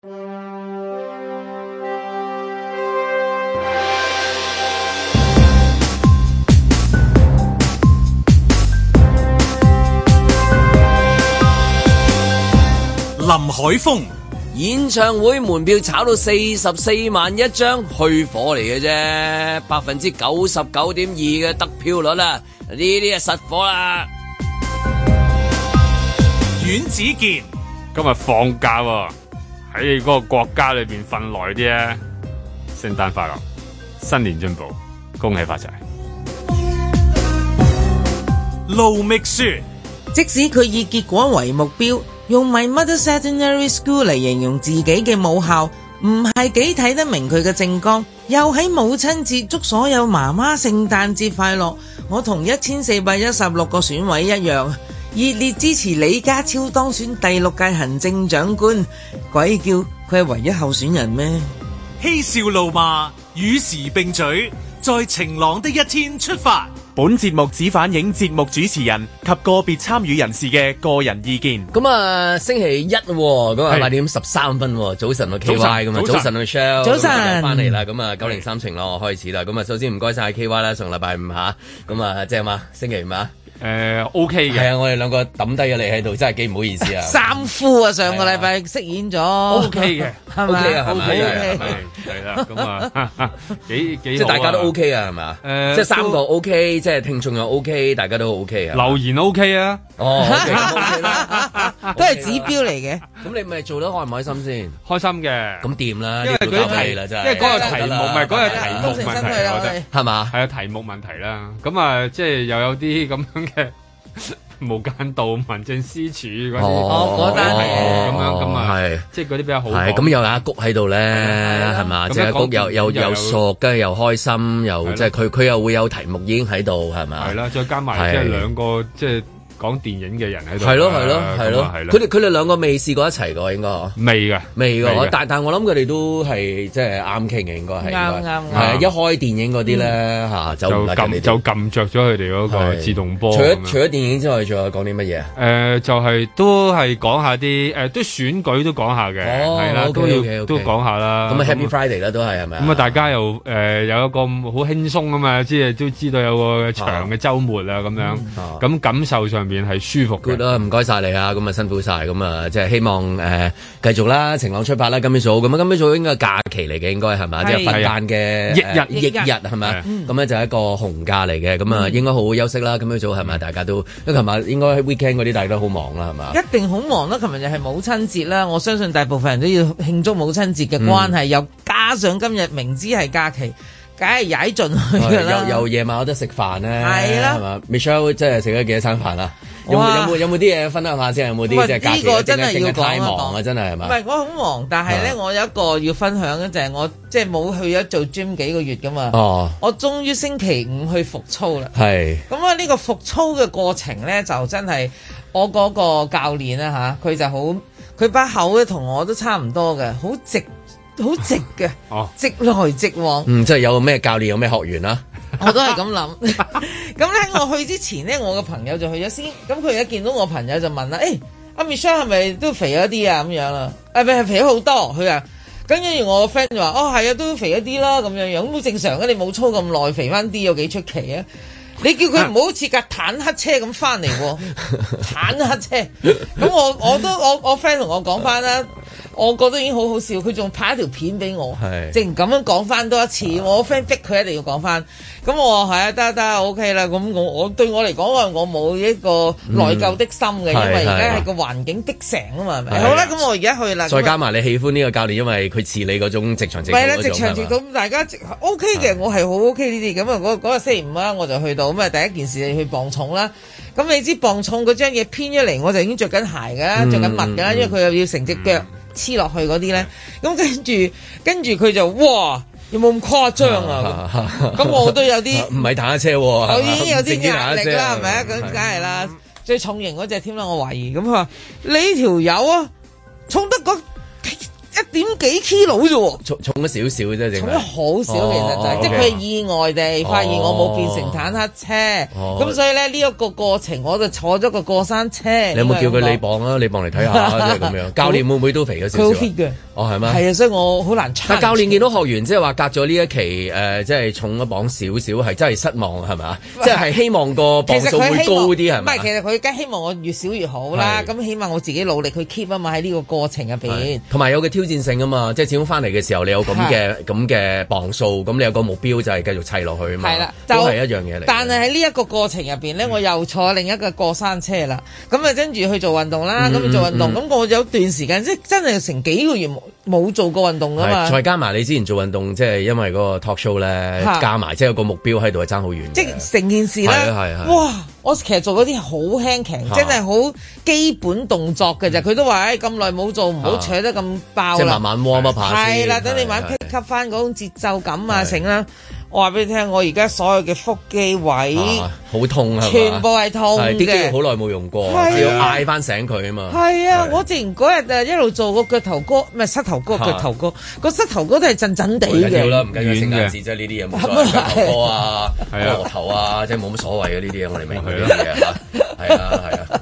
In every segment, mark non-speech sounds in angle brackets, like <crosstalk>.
林海峰演唱會門票炒到四十四萬一張，去火嚟嘅啫，百分之九十九點二嘅得票率喇，呢啲係實火啦。阮子健今日放假喎。喺你嗰個國家裏邊瞓耐啲啊！聖誕快樂，新年進步，恭喜發財。盧覓雪，即使佢以結果為目標，用 my mother secondary school 嚟形容自己嘅母校，唔係幾睇得明佢嘅政綱。又喺母親節祝所有媽媽聖誕節快樂。我同一千四百一十六個選委一樣。熱烈支持李家超當選第六屆行政長官，鬼叫佢係唯一候選人咩？嬉笑怒罵，與時並舉，在晴朗的一天出發。本節目只反映節目主持人及個別參與人士嘅個人意見。咁啊，星期一咁啊八是點十三分，啊，早晨去、啊、K Y，咁啊早晨去 Shel，早晨翻嚟啦，咁啊九零三晴朗咯，我開始啦。咁啊，首先唔該晒 K Y 啦，上禮拜五吓，咁啊即係嘛星期五啊。誒，O K 嘅係啊，我哋兩個抌低咗你喺度，真係幾唔好意思啊！三夫啊，上個禮拜飾演咗 O K 嘅，O K 啊，O K 係啦，咁啊幾幾即係大家都 O K 啊，係嘛？誒，即係三個 O K，即係聽眾又 O K，大家都 O K 啊！留言 O K 啊？哦，都係指標嚟嘅。咁你咪做得開唔開心先？開心嘅，咁掂啦，因為嗰啲題啦，真係因為嗰個題目，唔係嗰個題目問題，係嘛？係啊，題目問題啦。咁啊，即係又有啲咁樣。嘅無間道、民政司處嗰啲哦，嗰單係咁樣咁啊，係即係嗰啲比較好。係咁有阿谷喺度咧，係嘛，阿谷又又又傻，跟住又開心，又即係佢佢又會有題目已經喺度，係嘛，係啦，再加埋即係兩個即係。講電影嘅人喺度，係咯係咯係咯，佢哋佢哋兩個未試過一齊過，應該未㗎，未㗎，但但我諗佢哋都係即係啱傾嘅應該係，啱啱係一開電影嗰啲咧嚇就就就撳着咗佢哋嗰個自動波，除咗除咗電影之外，仲有講啲乜嘢啊？就係都係講下啲誒，都選舉都講下嘅，係啦，都要講下啦。咁 Happy Friday 啦，都係，係咪？咁啊大家又誒有一個好輕鬆啊嘛，即係都知道有個長嘅週末啊咁樣，咁感受上。面係舒服嘅，唔該晒你啊！咁啊辛苦晒。咁啊即係希望誒、呃、繼續啦，晴朗出發啦！今日早咁啊，今日早應該係假期嚟嘅，應該係咪？即係是間嘅一的日，一日係咪？咁咧就一個紅假嚟嘅，咁啊應該好好休息啦！今日早係咪、嗯？大家都，因為琴日應該喺 weekend 嗰啲大家都好忙啦，係嘛？一定好忙啦！琴日又係母親節啦，我相信大部分人都要慶祝母親節嘅關係，又加、嗯、上今日明知係假期。梗係踩進去又又夜晚我得食飯咧，係啦的，係嘛？Michelle 真係食咗幾多餐飯啊？哇有有冇有冇啲嘢分享下先？有冇啲呢個真係間要說 太忙啊，說說真係係嘛？唔係我好忙，但係咧，我有一個要分享嘅就係、是、我即係冇去咗做 gym 幾個月噶嘛。哦、嗯，我終於星期五去復操啦。係的。咁啊，呢個復操嘅過程咧，就真係我嗰個教練咧嚇，佢就好，佢把口咧同我都差唔多嘅，好直。好直嘅，oh. 直來直往。嗯，即係有咩教練有咩學員啦。 <laughs> 我都係咁諗。咁咧，我去之前咧，我個朋友就去咗先。咁佢而家見到我朋友就問啦：，誒、 <laughs> 哎，阿 Michelle 係咪都肥咗啲啊？咁樣啦，誒，咪係肥咗好多，佢啊。咁跟住我 friend 就話：， <laughs> 哦，係啊，都肥一啲啦，咁樣樣都正常嘅。你冇操咁耐，肥翻啲有幾出奇啊？你叫佢唔好好似架坦克車咁翻嚟坦克車咁，我我都我我 friend 同我講翻啦，我覺得已經好好笑，佢仲拍一條片俾我，是即係咁樣講翻多一次，我 friend 逼佢一定要講翻，咁我話係啊，得得，OK 啦，咁我我對我嚟講話我冇一個內疚的心嘅，因為而家係個環境逼成啊嘛，係咪？好啦吧，咁我而家去啦，再加埋你喜歡呢個教練，因為佢似你嗰種直腸直肚，唔係啦，直腸直肚咁大家 OK 嘅，我係好 OK 呢啲咁啊，嗰嗰個星期五啊、嗯、我就去到。咁啊，第一件事就去磅重啦。咁、嗯、你知磅重嗰張嘢偏咗嚟，我就已經着緊鞋㗎啦，着緊襪㗎啦，因為佢又要成隻腳黐落去嗰啲咧。咁跟住，跟住佢就哇，有冇咁誇張啊？咁、 <laughs> 嗯、我都有啲唔係坦克車喎、啊，我已經有啲壓力啦，係咪啊？咁梗係啦，是最重型嗰隻添啦，我懷疑咁話你條友啊，重得一點幾 kilo 啫喎，重重咗少少嘅啫，重咗好少，其實就係即係佢意外地發現我冇變成坦克車，咁所以咧呢一個過程我就坐咗個過山車。你有冇叫佢你磅啊？你磅嚟睇下即係咁樣，教練會唔會都肥咗少少？佢好 fit 嘅，哦，係咩？係啊，所以我好難。但教練見到學員即係話隔咗呢一期誒，即係重咗磅少少，係真係失望係咪啊？即係希望個磅數會高啲係唔係？其實佢梗希望我越少越好啦。咁希望我自己努力去 keep 啊嘛，喺呢個過程入邊。同埋有個挑。戰勝啊嘛，即係始終翻嚟嘅時候，你有咁嘅咁嘅磅數，咁你有個目標就係繼續砌落去啊嘛。係啦，都係一樣嘢嚟。但係喺呢一個過程入邊咧，我又坐另一個過山車啦。咁啊，跟住去做運動啦，咁做運動，咁我有段時間即係真係成幾個月冇做過運動啊嘛。再加埋你之前做運動，即係因為嗰個 talk show 咧加埋，即係有個目標喺度係爭好遠，即係成件事咧，哇！我其實做嗰啲好輕騎，的真係好基本動作嘅啫。佢都話，誒咁耐冇做，唔好扯得咁爆啦。即係慢慢摸一摸爬先。係啦，等你玩匹級慢慢 pick up 翻嗰種節奏感啊，的成啦。我話俾你聽，我而家所有嘅腹肌位，好痛啊！全部係痛，點解？好耐冇用過，要嗌翻醒佢啊嘛！係啊，我之前嗰日誒一路做個腳頭哥，唔係膝頭哥，腳頭哥個膝頭哥都係震震地嘅。唔緊要，升牙齒啫，呢啲嘢，冇錯。腳頭哥啊，係啊，頭啊，即係冇乜所謂嘅呢啲嘢，我哋明佢啲係啊係啊。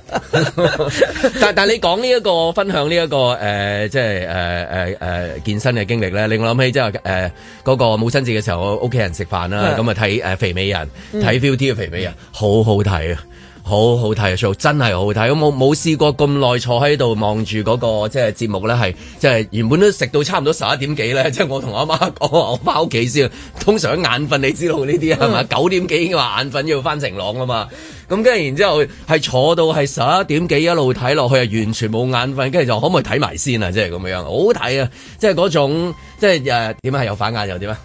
但但你講呢一個分享呢一個誒即係誒誒誒健身嘅經歷咧，令我諗起即係誒嗰個母親節嘅時候，屋企人。食飯啦，咁啊睇誒肥美人，睇 ViuTV 嘅肥美人，嗯、好好睇啊，好好睇啊，真係好好睇，我冇冇試過咁耐坐喺度望住嗰個即係、就是、節目咧，係即係原本都食到差唔多十一點幾咧，即、就、係、是、我同阿媽講話，我翻屋企先。通常眼瞓，你知道呢啲係嘛，九點幾話眼瞓要翻晴朗啊嘛。咁跟住然之後係坐到係十一點幾一路睇落去啊，完全冇眼瞓。跟住就可唔可以睇埋先啊？即係咁樣，好睇啊！即係嗰種，即係誒點解啊？有、呃、反眼又點啊？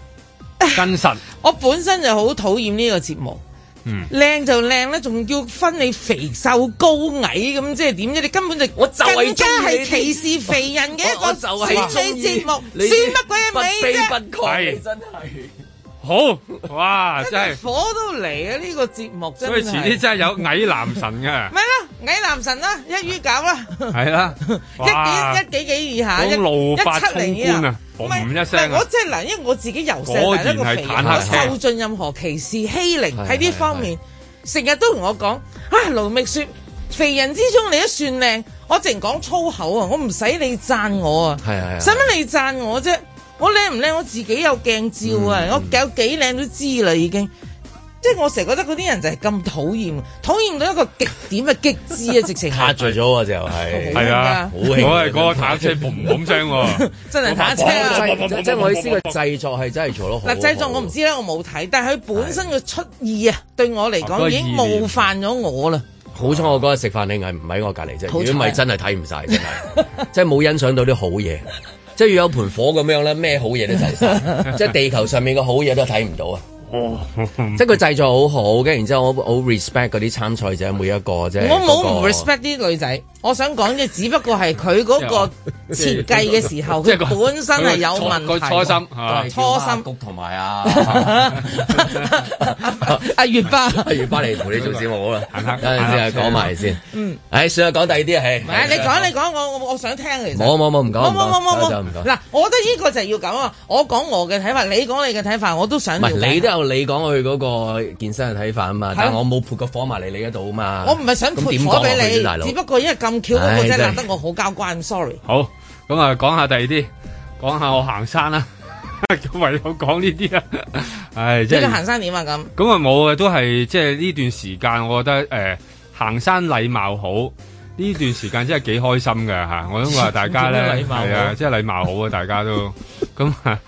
真實， <noise> 我本身就好討厭呢個節目。嗯，靚就靚咧，仲要分你肥瘦高矮咁，即係點啫？你根本就我就係更加係歧視肥人嘅一個選美節目，算乜鬼嘢美啫？係真係。 <laughs> 好哇！真係火都嚟啊！呢個節目真係，所以遲啲真係有矮男神噶。咪咯，矮男神啦，一於搞啦。係啦，一幾一幾幾以下，一七零啊，唔一聲。唔係我真係嗱，因為我自己由細係一個肥人，我受盡任何歧視欺凌喺呢方面，成日都同我講啊，盧覓雪，肥人之中你都算靚。我淨係講粗口啊，我唔使你贊我啊，使乜你贊我啫？我靚唔靚？我自己有鏡照啊！我有幾靚都知啦，已經。即係我成日覺得嗰啲人就係咁討厭，討厭到一個極點嘅極致啊，直情吓著咗啊！就係係啊，我係嗰個坦克嘭嘭聲，真係坦克啊！即係我意思，個製作係真係做得好。嗱，製作我唔知咧，我冇睇，但係佢本身嘅出意啊，對我嚟講已經冒犯咗我啦。好彩我嗰日食飯你係唔喺我隔籬啫，如果唔係真係睇唔晒，真係，即係冇欣賞到啲好嘢。即係要有盆火咁樣咧，咩好嘢都睇晒， <laughs> 即係地球上面嘅好嘢都睇唔到啊！即係佢製作好好，跟然之後我好 respect 嗰啲參賽者每一個啫。我冇唔 respect 啲女仔，我想講嘅只不過係佢嗰個設計嘅時候，即係本身係有問題。佢初心，初心同埋啊月巴，月巴嚟陪你做節目好喇。等陣先，講埋先。唉，算喇，講第二啲。唉，你講，你講，我我想聽其實。冇冇冇，唔講。嗱，我覺得呢個就係要噉啊，我講我嘅睇法，你講你嘅睇法，我都想問。你講佢嗰個健身嘅睇法啊嘛，的但我冇潑個火埋嚟你嗰度啊嘛。我唔係想潑火俾你，只不過因為咁巧嗰個啫唉，難是得我好交關，sorry。好，咁、嗯、啊，講下第二啲，講下我行山啦、啊，咁 <laughs> 唯有講呢啲啊，唉，即係你行山點啊咁。咁啊，嗯嗯、我嘅都係即係呢段時間，我覺得誒、呃、行山禮貌好。呢段時間真係幾開心嘅嚇，我想話大家咧，禮貌啊，真係禮貌好啊，大家都咁啊，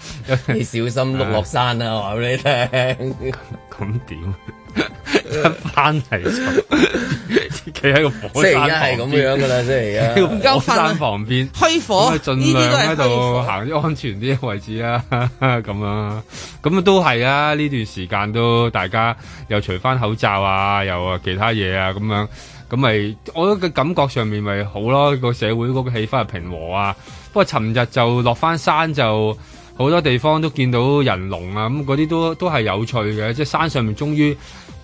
你小心碌落山啦，我話畀你聽。咁點，一班係，企喺個火山旁邊係咁樣噶啦，即係而家火山旁邊虛火，依啲都係儘量喺度行啲安全啲嘅位置啊，咁啊，咁都係啊，呢段時間都大家又除翻口罩啊，又其他嘢啊，咁樣。咁咪，我覺得個感覺上面咪好咯，個社會嗰個氣氛係平和啊。不過尋日就落翻山就好多地方都見到人龍啊，咁嗰啲都都係有趣嘅。即係山上面終於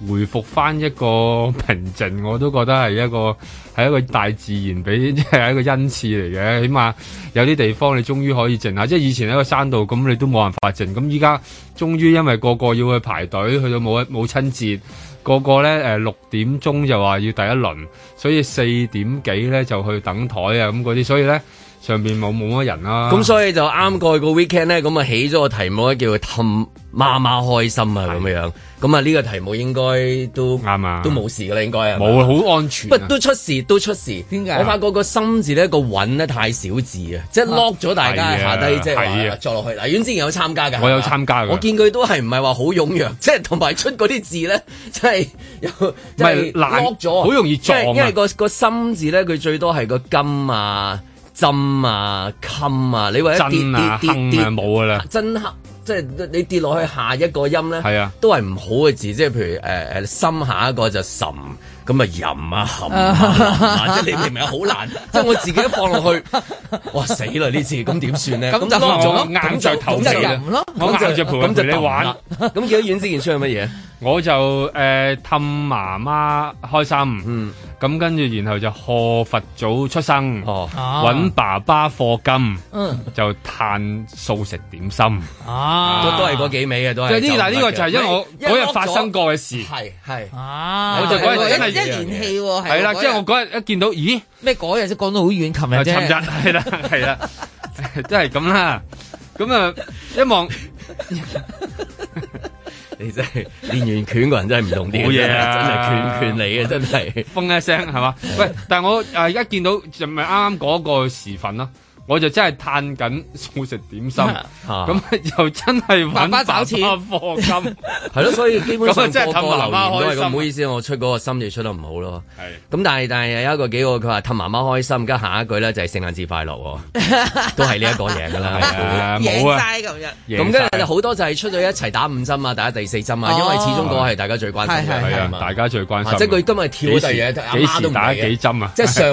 回復翻一個平靜，我都覺得係一個係一個大自然俾係一個恩賜嚟嘅。起碼有啲地方你終於可以靜下，即係以前喺個山度咁，你都冇辦法靜。咁依家終於因為個個要去排隊，去到冇母親節。個個咧誒六點鐘就話要第一輪，所以四點幾咧就去等台啊咁嗰啲，所以咧。上邊冇冇乜人啦，咁所以就啱過去個 weekend 咧，咁啊起咗個題目咧，叫做氹媽媽開心啊，咁樣，咁啊呢個題目應該都啱啊，都冇事噶啦，應該冇好安全。不過都出事，都出事，點解？我發覺個心字咧個韻咧太少字啊，即係 lock 咗大家下低，即係話作落去。嗱，遠之前有參加噶，我有參加嘅，我見佢都係唔係話好踴躍，即係同埋出嗰啲字咧，即係唔係 lock 咗，好容易撞啊。因為個個心字咧，佢最多係個金啊。針啊，襟啊，你話一跌跌，冇噶啦。真黑，即係你跌落去下一個音咧，係啊、都係唔好嘅字，即係譬如誒誒、呃，心下一個就岑。咁咪吟啊含，即係你明唔明好難，即係我自己一放落去，哇死啦呢次，咁點算呢？咁就硬着頭死啦，我硬著盤嚟玩，咁幾多丸之件出係乜嘢？我就誒氹媽媽開心，咁跟住然後就賀佛祖出生，揾爸爸課金，就嘆素食點心，都係嗰幾味嘅都係。呢個呢個就係因為我嗰日發生過嘅事，係係，我就嗰日。一連戲係啦，即係我嗰日一見到，咦咩？嗰日先講到好遠，琴日啫。係啦，係啦，真係咁啦。咁啊，一望你真係練完拳個人真係唔同啲。好嘢啊！真係拳拳嚟嘅真係。風一聲係嘛？喂！但係我誒一見到就咪啱啱嗰個時分囉。我就真係嘆緊素食點心，咁又真係揾錢。係咯，所以基本上即係氹媽留意，唔好意思，我出嗰個心就出得唔好咯。咁，但係但係有一個幾個佢話氹媽媽開心，跟下一句咧就係聖誕節快樂，都係呢一個嘢㗎啦。冇啊，咁樣。咁跟住好多就係出咗一齊打五針啊，打第四針啊，因為始終嗰個係大家最關心㗎嘛。係係，大家最關心。即係佢今日跳上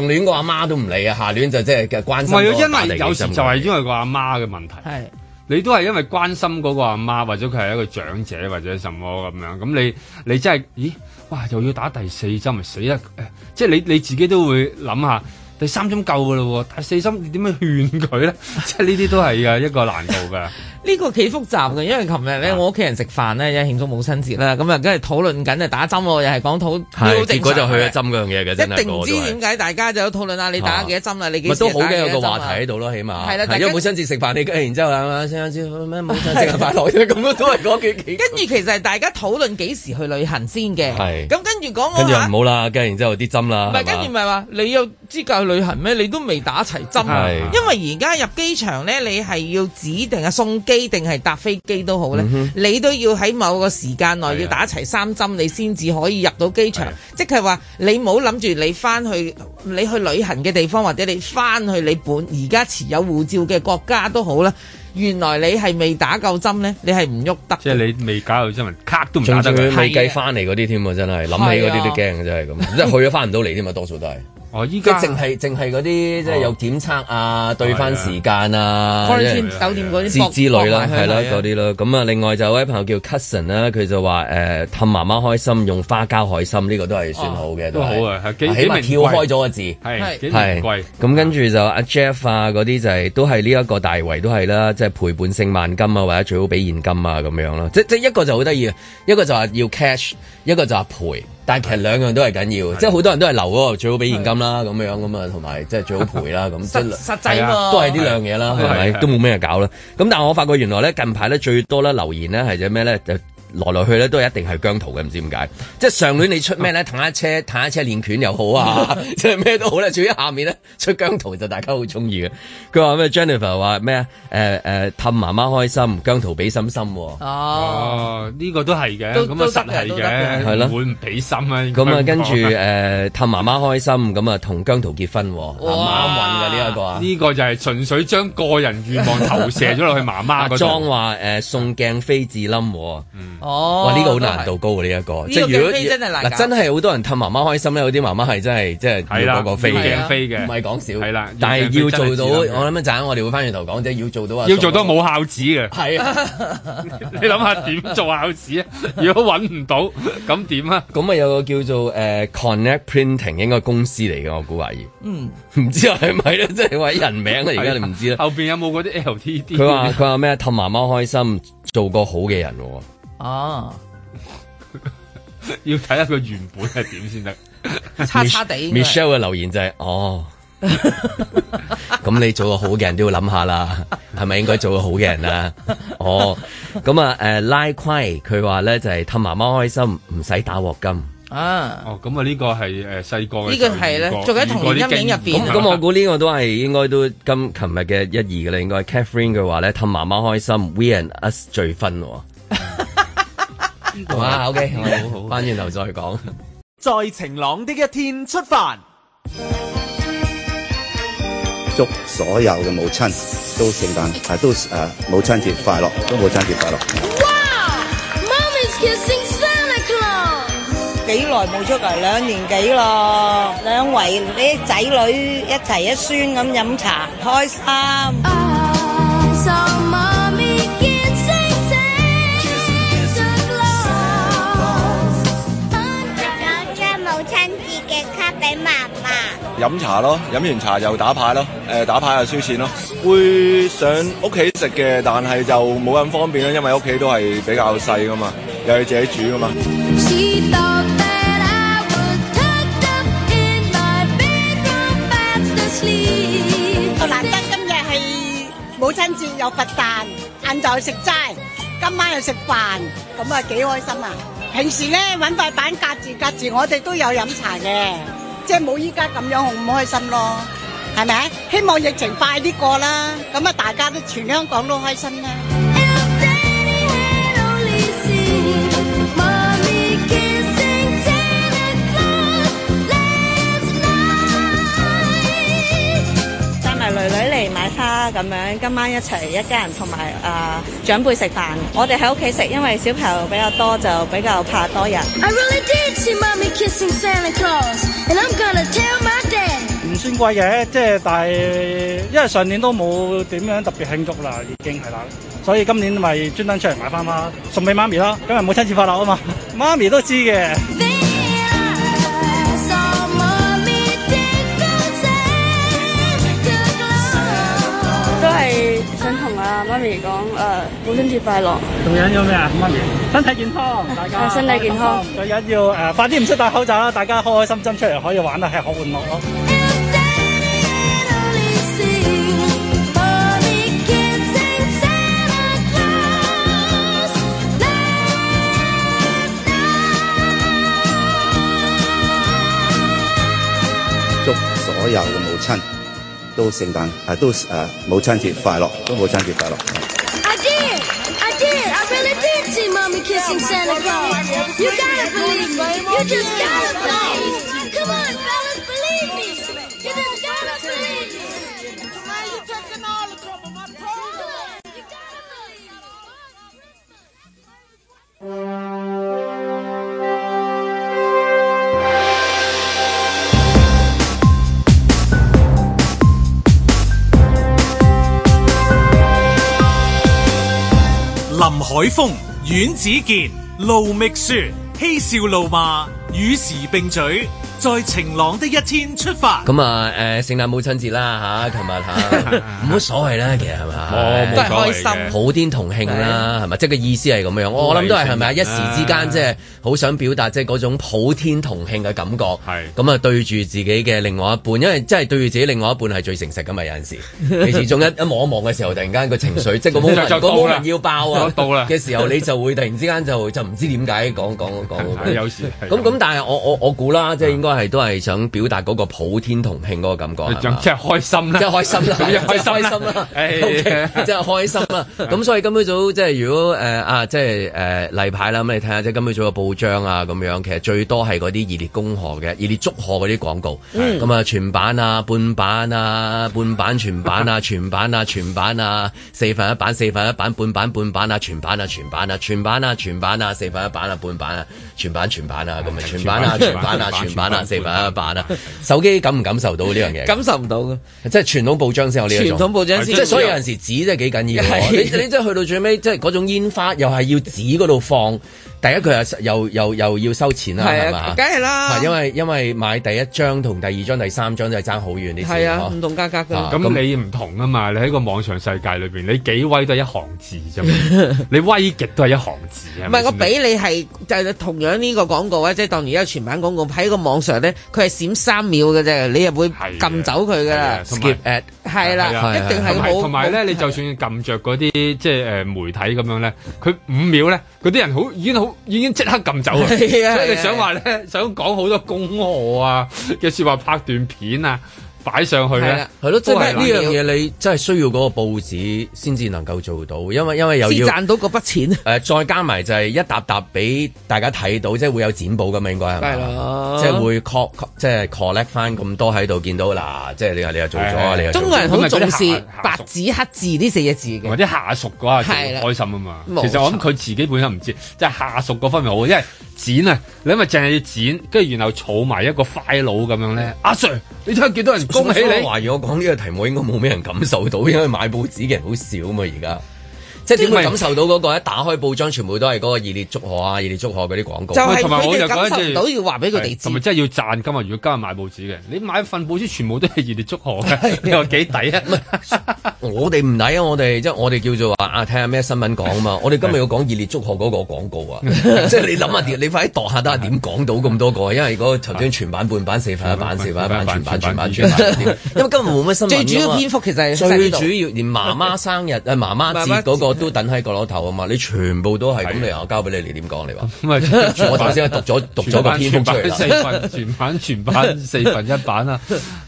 年嘅阿媽都唔理啊，下年就即係嘅關心。因為。有時就係因為個阿媽嘅問題，的你都係因為關心嗰個阿媽或者佢係一個長者或者什麼咁樣，咁你你真係，咦？哇！又要打第四針，咪死得誒！即係你你自己都會諗下。第三針夠嘅嘞喎，第四針你點樣勸佢咧？即係呢啲都係嘅一個難度㗎。呢個幾複雜嘅，因為琴日咧我屋企人食飯咧，因為慶祝母親節啦，咁啊跟住討論緊啊打針喎，又係講討，結果就去咗針嗰樣嘢嘅，真係。一定唔知點解大家就有討論下？你打幾多針啊？你幾多好驚有個話題喺度咯，起碼係大家母親節食飯，你跟然之後啊，先開始母親節快樂咁都係講幾幾。跟住其實係大家討論幾時去旅行先嘅，咁跟住講我話。咁又唔好啦，跟然之後啲針啦。唔跟住唔係話你有資格。旅行咩？你都未打齊針，啊， <noise> 因為而家入機場呢，你係要指定係送機定係搭飛機都好咧， <noise> 你都要喺某個時間內要打齊三針，你先至可以入到機場。 <noise> 即係話你冇諗住你翻去你去旅行嘅地方，或者你翻去你本而家持有護照嘅國家都好啦。原來你係未打夠針呢，你係唔喐得。即係你未搞到針，咪卡都唔打得。未計翻嚟嗰啲添啊！真係諗 <noise> 起嗰啲都驚，真係咁，即係去咗翻唔到嚟添啊！多數都係。 <noise> <noise> <noise> <noise> <noise> <noise> <noise> <noise> 即係淨係淨係嗰啲即係有檢測啊，對翻時間啊，酒店嗰啲之類啦，係啦，嗰啲咯。咁啊，另外就有位朋友叫 Cushion 啦，佢就話誒氹媽媽開心用花膠海參，呢個都係算好嘅，都好啊，起碼跳開咗個字，係係咁，跟住就阿 Jeff 啊嗰啲就係都係呢一個大圍都係啦，即係陪伴勝萬金啊，或者最好俾現金啊咁樣咯。即即一個就好得意啊，一個就話要 cash，一個就話陪。但係其實兩樣都係緊要，的即係好多人都係留喎，最好俾現金啦，咁的樣咁啊，同埋即係最好賠啦，咁 <laughs> 即係實際都係呢兩嘢啦，係咪？都冇咩搞啦。咁但係我發覺原來咧近排咧最多咧留言咧係隻咩咧就來來去咧都一定係姜濤嘅，唔知點解。即係上年你出咩咧，彈一車彈一車練拳又好啊，即係咩都好啦。至於下面咧出姜濤就大家好中意嘅。佢話咩 Jennifer 話咩啊？誒誒氹媽媽開心，姜濤俾心心。哦，呢個都係嘅，咁實係嘅，係咯。會唔俾心啊！咁啊，跟住誒氹媽媽開心，咁啊同姜濤結婚。哇！媽運嘅呢一個，呢個就係純粹將個人願望投射咗落去媽媽個裝話誒送鏡飛字冧。嗯。哦，哇！呢個好難度高嘅呢一個，即係如果真係嗱真係好多人氹媽媽開心咧，有啲媽媽係真係即係要個個飛嘅，唔係講笑。係啦，但係要做到，我諗一陣，我哋會翻轉頭講啫。要做到啊，要做到冇孝子嘅，係啊！你諗下點做孝子啊？如果揾唔到，咁點啊？咁啊有個叫做誒 Connect Printing 應該公司嚟嘅，我估懷疑。嗯，唔知係咪咧？即係揾人名啦，而家你唔知啦。後邊有冇嗰啲 LTD？佢話佢話咩？氹媽媽開心，做個好嘅人喎。哦，要睇下佢原本係點先得？叉叉地。Michelle 嘅留言就係哦，咁你做個好嘅人都要諗下啦，係咪應該做個好嘅人啊？哦，咁啊，誒，拉虧佢話咧就係氹媽媽開心，唔使打鑊金啊。哦，咁啊呢個係誒細個呢個係咧，做喺同年陰影入邊。咁咁我估呢個都係應該都今琴日嘅一二嘅啦。應該 Catherine 佢話咧氹媽媽開心，We and Us 最分。哇，OK，我哋好好，翻轉頭再講。在晴朗的一天出發，祝所有嘅母親都聖誕，啊，都誒母親節快樂，都母親節快樂。哇，Mummy's kissing Santa Claus。幾耐冇出嚟？兩年幾咯，兩位啲仔女一齊一孫咁飲茶，開心。睇媽媽飲茶咯，飲完茶又打牌咯。誒，打牌又燒錢咯。會上屋企食嘅，但係就冇咁方便啦，因為屋企都係比較細噶嘛，又要自己煮噶嘛。難得今日係母親節又佛誕，晏晝食齋，今晚又食飯，咁啊幾開心啊！平時咧搵塊板隔住隔住，我哋都有飲茶嘅。即係冇依家咁樣好唔開心咯，係咪啊？希望疫情快啲過啦，咁啊大家都全香港都開心啦。咁樣，今晚一齊一家人同埋啊長輩食飯，我哋喺屋企食，因為小朋友比較多，就比較怕多人。唔、really、算貴嘅，即、就、係、是、但係，因為上年都冇點樣特別慶祝啦，已經係啦，所以今年咪專登出嚟買翻啦送俾媽咪咯。今日母親節快樂啊嘛，媽咪都知嘅。 <laughs> 媽咪講誒，母親節快樂！仲要咩啊？媽咪，身體健康，大家、啊、身體健康。最緊要誒、呃，快啲唔出戴口罩啦！大家開開心心出嚟可以玩得吃喝玩樂咯。祝所有嘅母親。都聖誕啊，都誒 uh，母親節快樂，都母親節快樂。海峰、阮子健、盧覓雪，嬉笑怒罵，與時並舉。在晴朗的一天出發。咁啊！誒聖誕母親節啦吓，琴日吓，冇乜所謂啦，其實係咪？都係開心，普天同慶啦，係咪？即係個意思係咁樣。我諗都係係咪啊？一時之間即係好想表達，即係嗰種普天同慶嘅感覺。係咁啊，對住自己嘅另外一半，因為真係對住自己另外一半係最誠實㗎嘛。有陣時，其次仲一一望一望嘅時候，突然間個情緒即係冇人要爆啊嘅時候，你就會突然之間就就唔知點解講講講有時咁咁，但係我我我估啦，即係應該。都係都係想表達嗰個普天同慶嗰個感覺，即係開心啦，即係開心啦，開心啦，即係開心啦。咁所以今朝早即係如果誒啊，即係誒例牌啦，咁你睇下，即係今朝早嘅報章啊，咁樣其實最多係嗰啲熱烈恭賀嘅、熱烈祝賀嗰啲廣告。咁啊，全版啊、半版啊、半版全版啊、全版啊、全版啊、四分一版、四分一版、半版半版啊、全版啊、全版啊、全版啊、全版啊、四分一版啊、半版啊、全版全版啊，咁啊，全版啊、全版啊、全版啊。版四版啊八啊，手機感唔 <laughs> 感受到呢樣嘢？感受唔到㗎，即係傳統報章先有呢一種。傳統報章先，即係所以有陣時紙真係幾緊要 <laughs> 你。你你真係去到最尾，即係嗰種煙花又係要紙嗰度放。 <laughs> 第一佢又又又又要收錢啦，係嘛？梗係啦，因為因為買第一張同第二張、第三張都係爭好遠啲，係啊，唔同價格㗎。咁你唔同啊嘛？你喺個網上世界裏邊，你幾威都係一行字啫，你威極都係一行字。唔係我俾你係就係同樣呢個廣告啊，即係當然一個全版廣告喺個網上咧，佢係閃三秒嘅啫，你又會撳走佢㗎啦。係啦，一定係同埋咧，你就算撳着嗰啲即係誒媒體咁樣咧，佢五秒咧，嗰啲人好已經好。已經即刻撳走佢，是啊、所以你想話咧，是啊、想講好多公河啊嘅説話，拍段片啊。擺上去咧，係咯了，即係呢樣嘢，你真係需要嗰個報紙先至能夠做到，因為因為又要賺到嗰筆錢，誒、呃，再加埋就係一沓沓俾大家睇到，即係會有剪報噶嘛，應該係咪，即係會即係 collect 翻，咁多喺度，見到嗱，即係你話你又做咗，的你中國人好重視白紙黑字呢四隻字嘅，或者的下屬嘅話就開心啊嘛，的錯其實我諗佢自己本身唔知，即係下屬嗰方面好嘅。因為剪啊！你係咪淨係要剪，跟住然後儲埋一個 file 咁樣咧。阿、啊、Sir，你睇下幾多人恭喜你。乖乖，我懷疑我講呢個題目應該冇咩人感受到，因為買報紙嘅人好少啊嘛，而家。即係點會感受到嗰個？一打開報章，全部都係嗰個熱烈祝賀啊、熱烈祝賀嗰啲廣告。就係同埋我就感受唔到要話俾佢哋知，係咪真係要賺今日。如果今日買報紙嘅，你買份報紙，全部都係熱烈祝賀。你話幾抵啊？我哋唔抵啊！我哋即我哋叫做話啊，睇下咩新聞講啊嘛。我哋今日要講熱烈祝賀嗰個廣告啊，即係你諗下你快啲度下得啊？點講到咁多個？因為嗰個頭先全版、半版、四分一版、四分一版、全版、全版、全版。因為今日冇咩新聞。最主要篇幅其實係最主要，連媽媽生日、誒媽媽節嗰個。都等喺角落頭啊嘛！你全部都係咁嚟。我交俾你，你點講？你話唔係我頭先讀咗讀咗個篇出嚟，四份全版全版四份一版啊。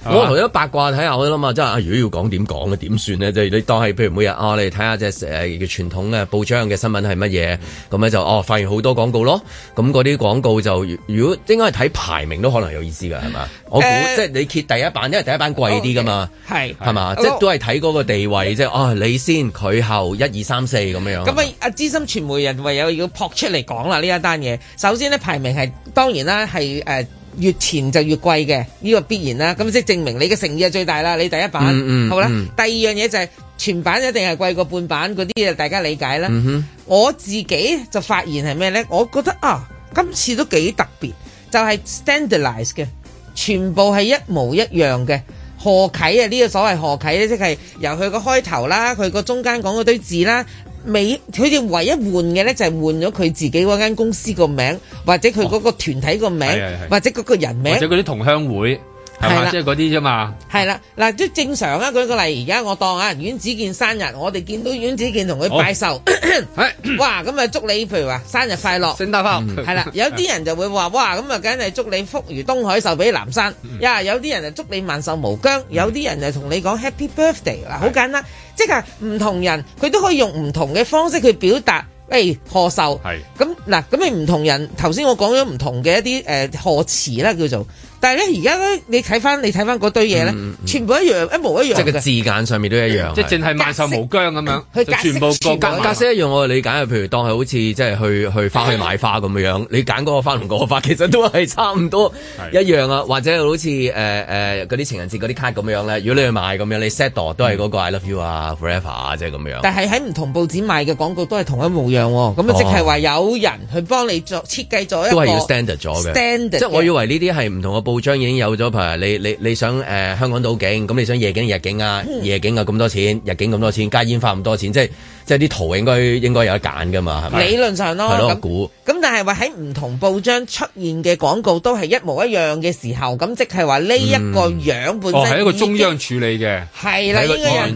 我為咗八卦睇下，我諗啊，即係如果要講點講啊，點算呢？即係你當係譬如每日啊，你睇下即係誒傳統嘅報章嘅新聞係乜嘢咁咧，就哦發現好多廣告咯。咁嗰啲廣告就如果應該係睇排名都可能係有意思㗎，係嘛？我估即係你揭第一版，因為第一版貴啲噶嘛，係係嘛？即係都係睇嗰個地位啫。哦，你先佢後一二三。三四咁樣，咁啊，阿資深傳媒人唯有要撲出嚟講啦，呢一單嘢。首先咧，排名係當然啦，係誒、呃、越前就越貴嘅，呢、這個必然啦。咁即係證明你嘅誠意係最大啦，你第一版、嗯嗯、好啦。嗯、第二樣嘢就係、是、全版一定係貴過半版嗰啲，大家理解啦。嗯、哼我自己就發現係咩呢？我覺得啊，今次都幾特別，就係、是、standardize 嘅，全部係一模一樣嘅。何啟啊？呢，這個所謂何啟咧，即係由佢個開頭啦，佢個中間講嗰堆字啦，尾佢哋唯一換嘅咧，就係換咗佢自己嗰間公司個名，或者佢嗰個團體個名，哦，或者嗰個，個人名，或者嗰啲同鄉會。係啦，吧即係嗰啲啫嘛。係啦， <laughs> 嗱，即正常啊。舉個例，而家我當啊，阮子健生日，我哋見到阮子健同佢拜壽， <coughs> <coughs> 哇，咁啊祝你，譬如話生日快樂，聖誕福，係 <laughs> 啦。有啲人就會話，哇，咁啊，梗係祝你福如東海，壽比南山。呀， <coughs> 有啲人就祝你萬壽無疆， <coughs> 有啲人就同你講 Happy Birthday 啦。好簡單，是即係唔同人，佢都可以用唔同嘅方式去表達。誒、哎，賀壽，咁嗱是，咁你唔同人，頭先我講咗唔同嘅一啲誒賀詞啦，叫做。但係咧，而家咧，你睇翻你睇翻嗰堆嘢咧，全部一樣一模一樣。即係字間上面都一樣，即係淨係萬壽無疆咁樣。全部格式一樣，你揀，譬如當係好似即係去去翻去買花咁樣，你揀嗰個花同嗰個花其實都係差唔多一樣啊。或者好似誒誒嗰啲情人節嗰啲卡咁樣咧，如果你去買咁樣，你 set d 都係嗰個 I love you 啊，forever 啊，即係咁樣。但係喺唔同報紙賣嘅廣告都係同一模樣喎，咁啊，即係話有人去幫你作設計咗一個，都係要 standard 咗嘅。standard 即係我以為呢啲係唔同嘅報章已經有咗，譬如你你你想誒、呃、香港島景，咁你想夜景、日景啊，夜景啊咁多錢，日景咁多錢，加煙花咁多錢，即係。即係啲圖應該應該有得揀㗎嘛，係咪？理論上咯，係咯，估。咁但係話喺唔同報章出現嘅廣告都係一模一樣嘅時候，咁即係話呢一個樣本身係一個中央處理嘅，係啦，呢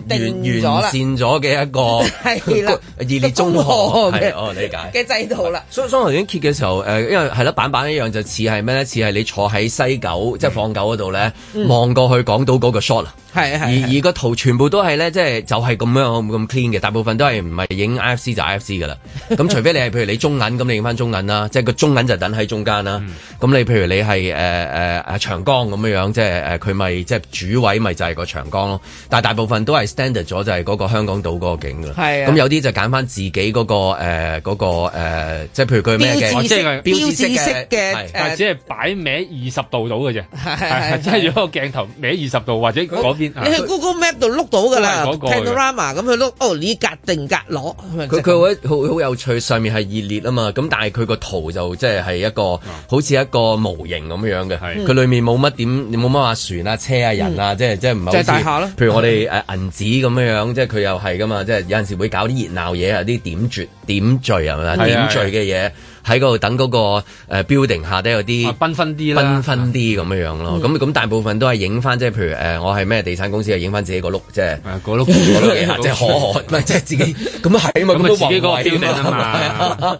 完完完善咗嘅一個熱烈中和中學嘅哦，理解嘅制度啦。所以所以頭已經揭嘅時候，誒，因為係咯，版版一樣就似係咩咧？似係你坐喺西九即係放狗嗰度咧，望過去港島嗰個 shot 啦。係而而個圖全部都係咧，即係就係、是、咁樣咁 clean 嘅，大部分都係唔係影 IFC 就 IFC 噶啦。咁除非你係 <laughs> 譬如你中銀咁，你影翻中銀啦，即係個中銀就等喺中間啦。咁 <laughs> 你譬如你係誒誒誒長江咁樣樣，即係誒佢咪即係主位咪就係個長江咯。但係大部分都係 standard 咗就係、是、嗰個香港島嗰個景㗎。係咁 <laughs> 有啲就揀翻自己嗰、那個誒嗰、呃那個呃、即係譬如佢咩嘅，即係標誌式嘅，但係只係擺歪二十度到嘅啫，係係即係用個鏡頭歪二十度或者 <laughs> 你喺 Google Map 度碌到噶啦 Panorama 咁去碌，哦，呢格定格攞。佢佢好，好好有趣，上面係熱烈啊嘛，咁但係佢個圖就即係係一個好似一個模型咁樣嘅，佢裡面冇乜點，冇乜話船啊、車啊、人啊，即係即係唔係好？即係大廈咯。譬如我哋誒銀紙咁樣樣，即係佢又係噶嘛，即係有陣時會搞啲熱鬧嘢啊，啲點綴點綴係咪啊？點綴嘅嘢。喺嗰度等嗰個 building 下低有啲、啊，繽紛啲啦，繽紛啲咁樣樣咯。咁咁、嗯、大部分都係影翻，即係譬如誒，我係咩地產公司，又影翻自己個碌啫。個、就、碌、是，即係、啊 <laughs> 就是、可可，唔係即係自己。咁啊係，咪都宏偉啊嘛。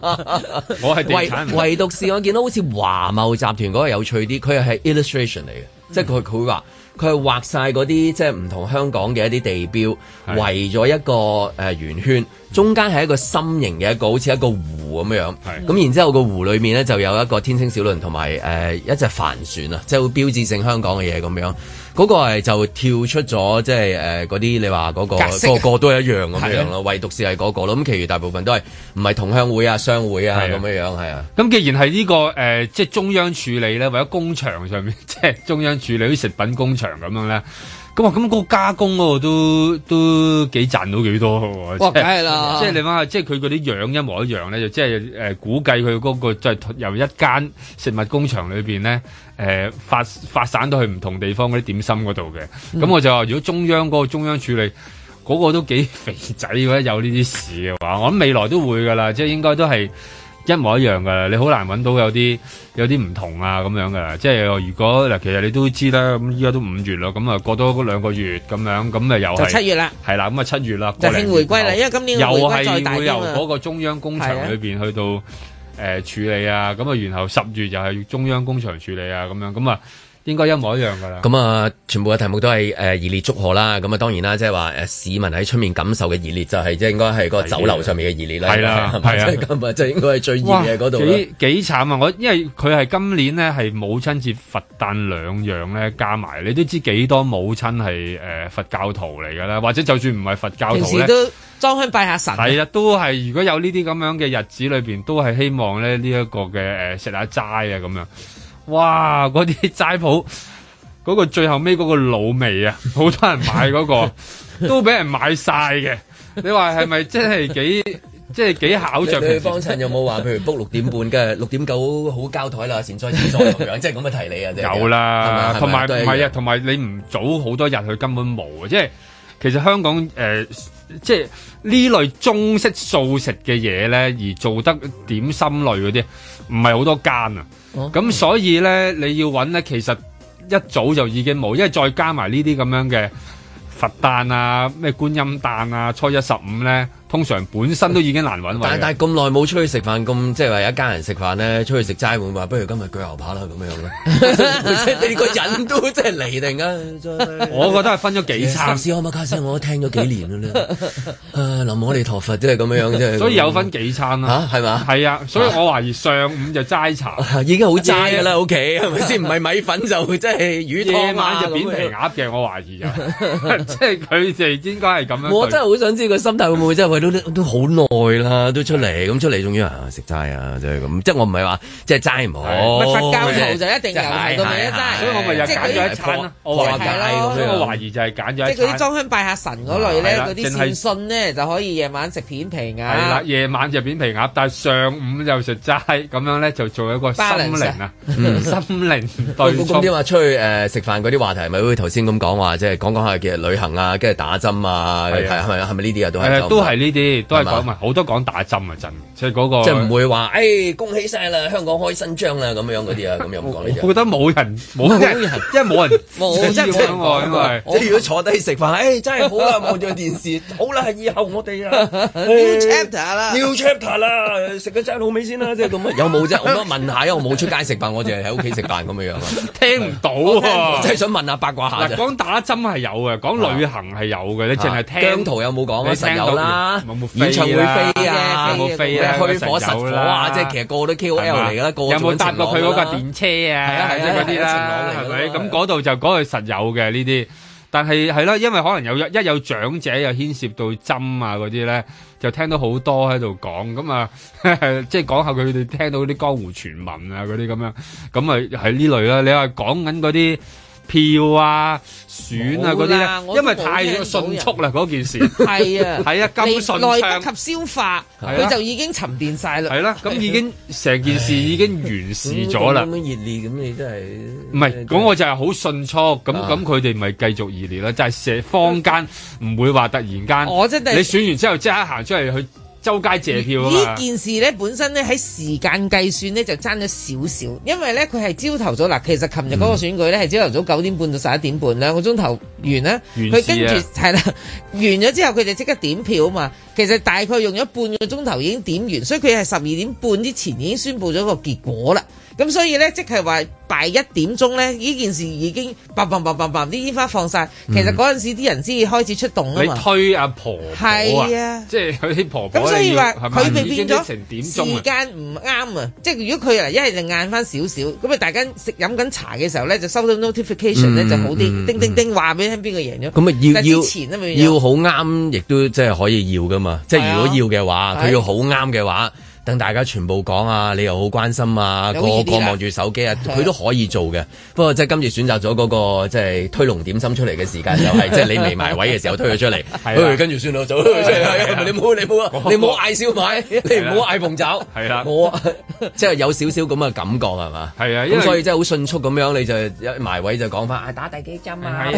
我係地產。唯唯獨試我見到好似華茂集團嗰個有趣啲，佢又係 illustration 嚟嘅，即係佢佢會話。佢係畫曬嗰啲即係唔同香港嘅一啲地標，圍咗一個誒圓圈，中間係一個心形嘅一個，好似一個湖咁樣。咁的然之後個湖裏面呢，就有一個天星小輪同埋誒一隻帆船啊，即係好標誌性香港嘅嘢咁樣。嗰個係就跳出咗，即係誒嗰啲你話嗰、那個、式個個個都一樣咁樣咯，的唯獨是係嗰個咯。咁，其餘大部分都係唔係同鄉會啊、商會啊咁樣樣，係啊的。咁既然係呢、這個誒、呃，即係中央處理咧，或者工場上面，即係中央處理啲食品工場咁樣咧，咁話咁嗰個加工都都幾賺到幾多嘅哇！梗係啦，即係你問下，即係佢嗰啲樣一模一樣咧，就即係誒估計佢嗰個即係由一間食物工場裏邊咧。誒、呃、發發散到去唔同地方嗰啲點心嗰度嘅。咁、嗯、我就話：如果中央嗰個中央處理嗰、嗰個都幾肥仔嘅，有呢啲事嘅話，我諗未來都會噶啦，即係應該都係一模一樣噶啦。你好難揾到有啲有啲唔同啊咁樣噶啦，即係如果嗱，其實你都知啦，咁依家都五月啦，咁啊過多嗰兩個月咁樣，咁啊又就七月啦，係啦，咁啊七月啦，就慶回歸啦，因為今年回歸再又係會由升嗰個中央工程裏邊是、啊、去到。誒、呃，處理啊，咁啊，然後十月就係中央工場處理啊，咁樣咁啊。應該一模一樣噶啦。咁啊、嗯，全部嘅題目都係誒熱烈祝賀啦。咁、嗯、啊，當然啦，即係話誒市民喺出面感受嘅熱烈就係即係應該係個酒樓上面嘅熱烈啦。係啦，係啊，嗯、啊今日就應該係最熱嘅嗰度。幾幾慘啊！我因為佢係今年呢，係母親節佛誕兩樣咧加埋，你都知幾多母親係誒佛教徒嚟噶啦，或者就算唔係佛教徒都裝香拜下、啊、神係啊都，都係如果有呢啲咁樣嘅日子裏邊，都係希望咧、這、呢、個、一個嘅誒食下齋啊咁樣。哇！嗰啲齋鋪，嗰個最後尾嗰個滷味啊，好多人買嗰個，都俾人買晒嘅。你話係咪真係幾，即係幾考著佢幫襯？有冇話譬如 book 六點半嘅六點九好交台啦，前再前再咁樣，即係咁嘅提你啊？有啦，同埋唔係啊，同埋你唔早好多日，佢根本冇啊。即係其實香港誒。即係呢類中式素食嘅嘢呢，而做得點心類嗰啲，唔係好多間啊。咁、嗯、所以呢，你要揾呢，其實一早就已經冇，因為再加埋呢啲咁樣嘅佛誕啊、咩觀音誕啊、初一十五呢。通常本身都已經難揾位，但係咁耐冇出去食飯，咁即係話一家人食飯咧，出去食齋碗，話不如今日鋸牛扒啦咁樣樣 <laughs> 你個人都即係離定啊？我覺得係分咗幾餐。斯柯馬卡我都聽咗幾年啦。啊，林某你陀佛真係咁樣啫，所以有分幾餐啊？嚇係嘛？係啊，所以我懷疑上午就齋茶，啊、已經好齋㗎啦。 <laughs> OK，係咪先？唔係米粉就即係魚湯啊，夜晚就扁皮鴨嘅。我懷疑啊， <laughs> 即係佢哋應該係咁樣。我真係好想知個心態會唔會真係會。都好耐啦，都出嚟咁出嚟，仲要啊食齋啊，即係咁。即係我唔係話即係齋唔好，咪佛教徒就一定有食到啲齋。咁我咪又揀咗嚟分咯。我懷疑就係揀咗。即係嗰啲裝香拜下神嗰類咧，嗰啲善信咧就可以夜晚食片皮啊。夜晚就片皮鴨，但係上午就食齋咁樣咧，就做一個心靈啊，心靈對。嗰公啲話出去誒食飯嗰啲話題，咪好似頭先咁講話，即係講講下其實旅行啊，跟住打針啊，係咪係咪呢啲啊都係。都係呢。啲都係講唔係好多講打針啊，真即係嗰個即係唔會話，誒恭喜晒啦，香港開新章啦，咁樣嗰啲啊，咁又唔講呢啲。我覺得冇人冇人，因為冇人冇人會講啊，如果坐低食飯，誒真係好啦，望住電視好啦，係以後我哋啊 new chapter 啦，new chapter 啦，食個齋老味先啦，即係咁啊。有冇啫？我問下因為，我冇出街食飯，我淨係喺屋企食飯咁嘅樣啊，聽唔到喎，即係想問下八卦下。嗱，講打針係有嘅，講旅行係有嘅，你淨係聽圖有冇講啊？實有啦。演唱會飛啊！有冇飛啊？去攞實火啊！即係其實個個都 KOL 嚟啦，有冇搭過佢嗰架電車啊？係啊，係嗰啲啦，係咪？咁嗰度就講佢實有嘅呢啲，但係係咯，因為可能有有一有長者又牽涉到針啊嗰啲咧，就聽到好多喺度講，咁啊，即係講下佢哋聽到啲江湖傳聞啊嗰啲咁樣，咁啊係呢類啦。你話講緊嗰啲。票啊、選啊嗰啲，因為太迅速啦嗰件事。係啊，係啊，根本唔及消化，佢就已經沉澱晒啦。係啦，咁已經成件事已經完事咗啦。咁樣熱烈，咁你真係。唔係，咁我就係好迅速，咁咁佢哋咪繼續熱烈啦，就係射坊間唔會話突然間。我即係。你選完之後即刻行出嚟去周街借票呢件事咧本身咧喺時間計算呢就爭咗少少，因為呢，佢係朝頭早嗱，其實琴日嗰個選舉咧係朝頭早九點半到十一點半兩個鐘頭完啦，啊。佢、啊、跟住係啦，完咗之後佢就即刻點票啊嘛。其實大概用咗半個鐘頭已經點完，所以佢係十二點半之前已經宣布咗個結果啦。咁所以咧，即係話拜一點鐘咧，呢件事已經啲煙花放晒。其實嗰陣時啲人先開始出動啊，推阿婆？係啊，即係佢啲婆婆。咁所以話佢未變咗成點鐘啊？時間唔啱啊！即係如果佢啊一係就晏翻少少，咁啊大家食飲緊茶嘅時候咧，就收到 notification 咧就好啲。叮叮叮，話俾聽邊個贏咗？咁啊要要錢要好啱，亦都即係可以要噶嘛。即係如果要嘅話，佢要好啱嘅話。等大家全部講啊，你又好關心啊，個個望住手機啊，佢都可以做嘅。不過即係今次選擇咗嗰個即係推龍點心出嚟嘅時間，就係即係你未埋位嘅時候推佢出嚟，跟住算咯，做咯。你冇你冇啊！你唔好嗌燒賣，你唔好嗌鳳爪。係啦，我即係有少少咁嘅感覺係嘛？係啊，咁所以即係好迅速咁樣，你就埋位就講翻打第幾針啊？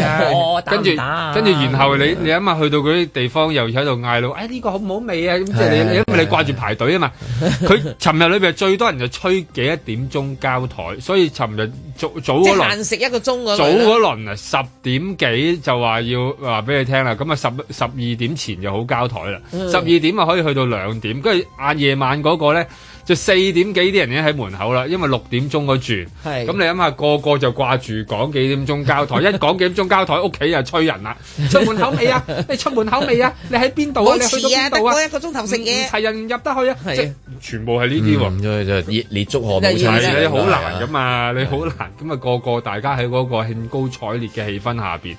跟住跟住然後你你啱啱去到嗰啲地方，又喺度嗌咯，哎呢個好唔好味啊？即係你你因為你掛住排隊啊嘛。佢尋日裏邊最多人就吹幾一點鐘交台，所以尋日早早嗰輪，早嗰輪啊十點幾就話要話俾你聽啦。咁啊十十二點前就好交台啦，十二點啊可以去到兩點，跟住晏夜晚嗰個咧。就四點幾啲人已經喺門口啦，因為六點鐘嗰轉。係咁，你諗下，個個就掛住講幾點鐘交台，一講幾點鐘交台，屋企又催人啦。出門口未啊？你出門口未啊？你喺邊度啊？你去到邊度啊？一個鐘頭成嘢，唔齊人入得去啊！即全部係呢啲喎。真係你祝賀冇錯嘅，好難噶嘛，你好難。咁啊，個個大家喺嗰個興高采烈嘅氣氛下邊。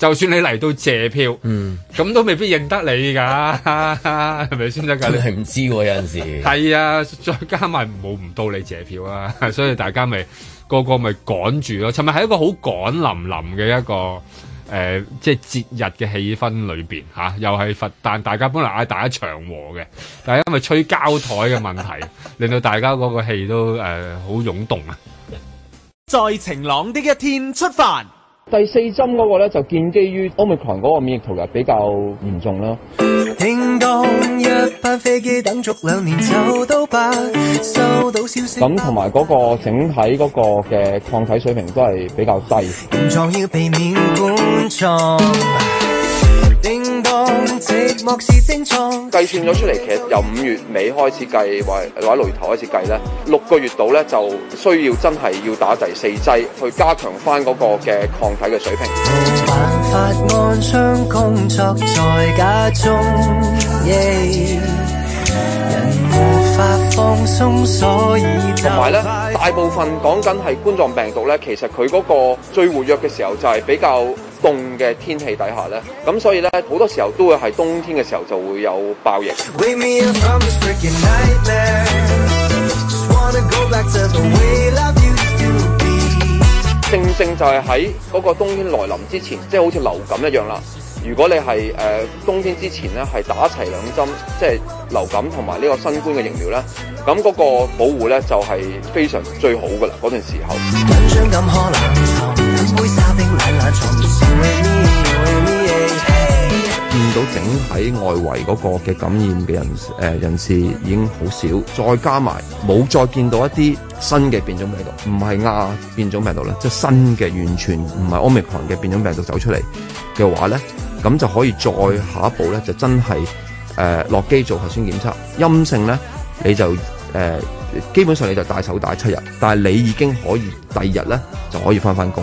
就算你嚟到借票，咁 <music> 都未必認得你噶，啊，係咪先得噶？你係唔知喎，有陣時係啊，再加埋冇唔到你借票啊，所以大家咪，就是、個個咪趕住咯，尋日係一個好趕淋淋嘅一個誒，即係節日嘅氣氛裏邊吓，啊，又係佛誕，大家本來嗌，大家祥和嘅，但係因為吹膠台嘅問題，令到大家嗰個氣都誒好湧動啊！在 <music> 晴朗的一天出發。第四針嗰個呢就建基於 Omicron 嗰個免疫逃逸比較嚴重囉，聽一班飛機等續兩年，就都收到消息，咁同埋嗰個整體嗰個嘅抗體水平都係比較低。計算咗出嚟，其實由五月尾開始計，或或者六月頭開始計咧，六個月度咧就需要真係要打第四劑，去加強翻嗰個嘅抗體嘅水平。辦法同埋咧，大部分講緊係冠狀病毒咧，其實佢嗰個最活躍嘅時候就係比較凍嘅天氣底下咧，咁所以咧好多時候都會係冬天嘅時候就會有爆疫。 <music> 正正就係喺嗰個冬天來臨之前，即係好似流感一樣啦。如果你係誒冬天之前咧，係打齊兩針，即係流感同埋呢個新冠嘅疫苗咧，咁嗰個保護咧就係、是、非常最好噶啦。嗰段時候見到整體外圍嗰個嘅感染嘅人誒、呃、人士已經好少，再加埋冇再見到一啲新嘅變種病毒，唔係亞變種病毒咧，即、就、係、是、新嘅完全唔係奧密克戎嘅變種病毒走出嚟嘅話咧，咁就可以再下一步咧，就真係誒落機做核酸檢測，陰性咧你就誒、呃、基本上你就戴手帶七日，但係你已經可以第二日咧就可以翻返工。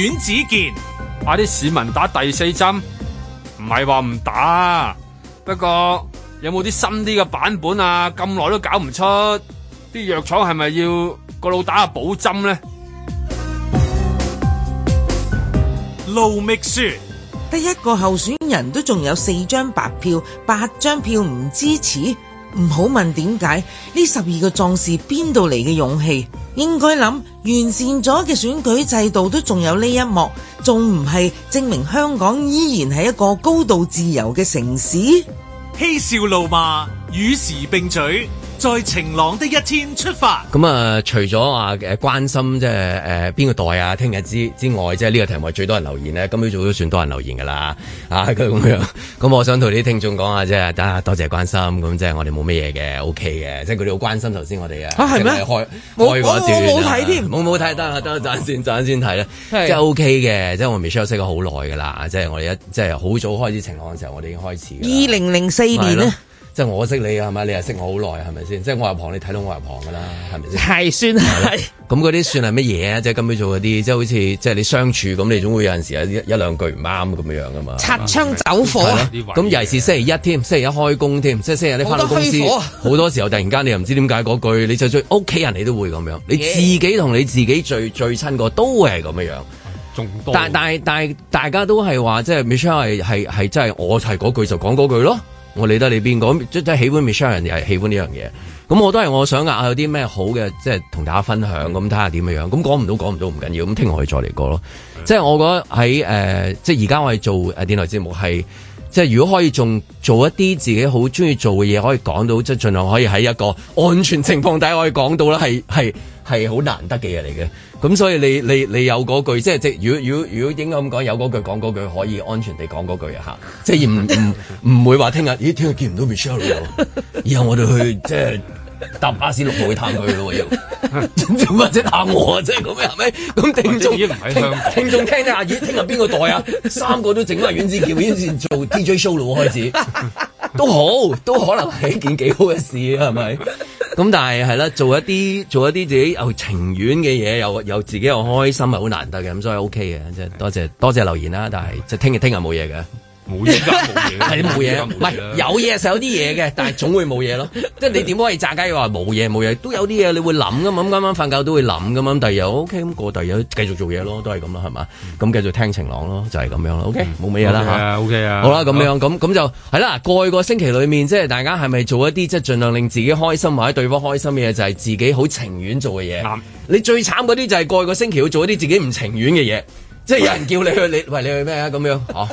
阮子健，嗌啲市民打第四針，唔係話唔打，不過有冇啲新啲嘅版本啊？咁耐都搞唔出，啲藥廠係咪要個老打下補針咧？盧覓雪，得一個候選人都仲有四張白票，八張票唔支持。唔好問點解，呢十二個壯士邊度嚟嘅勇氣，應該諗完善咗嘅選舉制度都仲有呢一幕，仲唔係證明香港依然係一個高度自由嘅城市？嬉笑怒罵，與時並舉。在晴朗的一天出發。咁啊，除咗啊，誒關心即係誒邊個代啊，聽日之之外，即係呢個題目最多人留言呢，今朝早都算多人留言噶啦，啊，咁樣。咁我想同啲聽眾講下，即係大家多謝關心。咁即係我哋冇乜嘢嘅，OK 嘅。即係佢哋好關心頭先我哋嘅。啊，係咩？我我我冇睇添，冇冇睇，得得等陣先，等陣先睇啦。即係 OK 嘅，即係我未 share 識過好耐噶啦。即係我哋一即係好早開始晴朗嘅時候，我哋已經開始。二零零四年咧。即係我識你啊，係咪？你又識我好耐，係咪先？即係我入行，你睇到我入行噶啦，係咪先？係算係咁，嗰啲算係乜嘢啊？即係今朝做嗰啲，即係好似即係你相處，咁你總會有陣時有一一兩句唔啱咁樣樣啊嘛。擦槍、嗯、走火。咁尤其是星期一添，星期一開工添，即係星期一啲返到公司好多虛火，好多時候突然間你又唔知點解嗰句，你就最屋企人你都會咁樣，你自己同你自己最最親個都會係咁樣樣。Yeah 但但係但係大家都係話，即係 Michelle 係係係，即係我係嗰句，句就講嗰句咯。我理得你邊個，即係喜歡 Michelle 人又係喜歡呢樣嘢，咁我都係我想啊，有啲咩好嘅，即係同大家分享，咁睇下點樣樣，咁講唔到講唔到唔緊要。咁聽我哋再嚟過咯。的即係我覺得喺誒、呃，即係而家我哋做誒電台節目，係即係如果可以仲做一啲自己好鍾意做嘅嘢，可以講到，即係儘量可以喺一個安全情況底下可以講到啦，係係係好難得嘅嘢嚟嘅。咁、嗯、所以你你你有嗰句，即係即係如果如果如果應該咁講，有嗰句講嗰句可以安全地講嗰句啊吓，即係唔唔唔會話聽日咦聽日見唔到 Michelle 又，以後我哋去即係搭巴士六號去探佢咯又，做乜啫打我啊，即啫，咁樣係咪？咁聽眾聽聽眾聽咧阿咦，聽日邊個代啊？三個都整埋丸子叫，已經算做 DJ show 啦開始，都好都可能係一件幾好嘅事啊係咪？ <laughs> 咁但係係啦，做一啲做一啲自己又情願嘅嘢，又又自己又開心，係好難得嘅，咁所以 OK 嘅，多謝多謝留言啦。但係即係聽日聽日冇嘢嘅。冇嘢，係冇嘢，唔係有嘢，實有啲嘢嘅，但係總會冇嘢咯。即係你點可以炸雞話冇嘢冇嘢？都有啲嘢你會諗噶嘛？咁啱啱瞓覺都會諗噶嘛？第二日 OK 咁過，第二日繼續做嘢咯，都係咁咯，係嘛？咁繼續聽晴朗咯，就係咁樣啦。OK，冇咩嘢啦嚇。OK 啊，好啦，咁樣咁咁就係啦。過去個星期裏面，即係大家係咪做一啲即係盡量令自己開心或者對方開心嘅嘢，就係自己好情願做嘅嘢。你最慘嗰啲就係過去個星期要做一啲自己唔情願嘅嘢。即係有人叫你去你，你喂你去咩啊咁樣，嗬？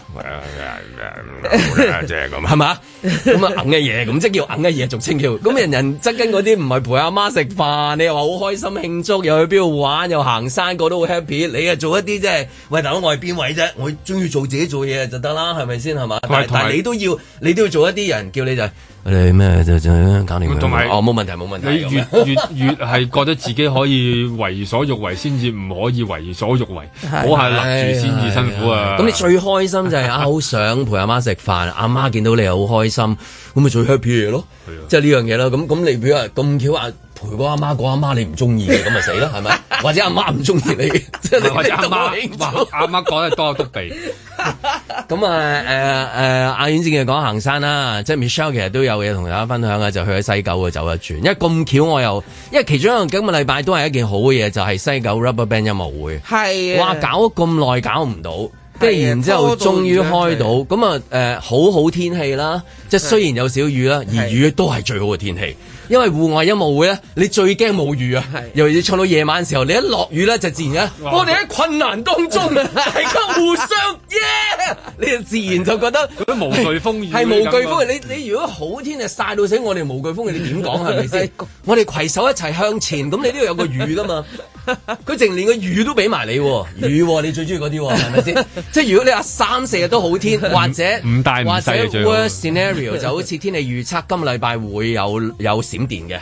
即係咁，係嘛？咁啊揼嘅嘢，咁即係叫揾嘅嘢俗稱叫。咁人人側跟嗰啲唔係陪阿媽食飯，你又話好開心慶祝，又去邊度玩，又行山，個都好 happy。你啊做一啲即係，喂大佬我係邊位啫？我中意做自己做嘢就得啦，係咪先？係嘛他？但係你都要，你都要做一啲人叫你就。你咩就就搞掂，同埋有哦，冇問題，冇問題。你越嗎越越係覺得自己可以為所欲為，先至唔可以為所欲為。好，係立住先至辛苦啊！咁、哎哎哎、你最開心就係、是、啊，好 <laughs> 想陪阿媽食飯，阿媽見到你好開心，咁咪最 happy 嘅嘢咯，就呢樣嘢啦。咁咁你譬如話咁巧啊？如果阿媽講阿媽，那個、媽媽你唔中意嘅咁咪死啦，係咪？或者阿媽唔中意你，嘅，即係或者阿媽話阿媽講 <laughs> 得多得滯。咁、 <laughs> 嗯、啊誒誒，阿、啊、婉、啊、正健講行山啦，即係 Michelle 其實都有嘢同大家分享嘅，就是、去咗西九嘅走一轉。因為咁巧我又，因為其中今個禮拜都係一件好嘅嘢，就係、是、西九 Rubber Band 音樂會。係哇、啊，搞咁耐搞唔到，跟住、啊、然之後，後終於開到。咁啊誒、就是啊呃，好好天氣啦，即係雖然有小雨啦，而雨都係最好嘅天氣。因為戶外音樂會咧，你最驚冇雨啊！尤其是唱到夜晚嘅時候，你一落雨咧就自然咧。哇我哋喺困難當中啊， <laughs> 大家互相，耶、yeah!，你就自然就覺得無、哎、懼風雨係無懼風雨。你你如果好天啊晒到死， <laughs> 我哋無懼風雨你點講係咪先？我哋携手一齊向前，咁你都要有個雨噶嘛。佢淨連個雨都俾埋你喎，雨你最中意嗰啲喎，係咪先？即係如果你話三四日都好天，或者唔大五細或者 worst scenario 就好似天氣預測今個禮拜會有有閃電嘅，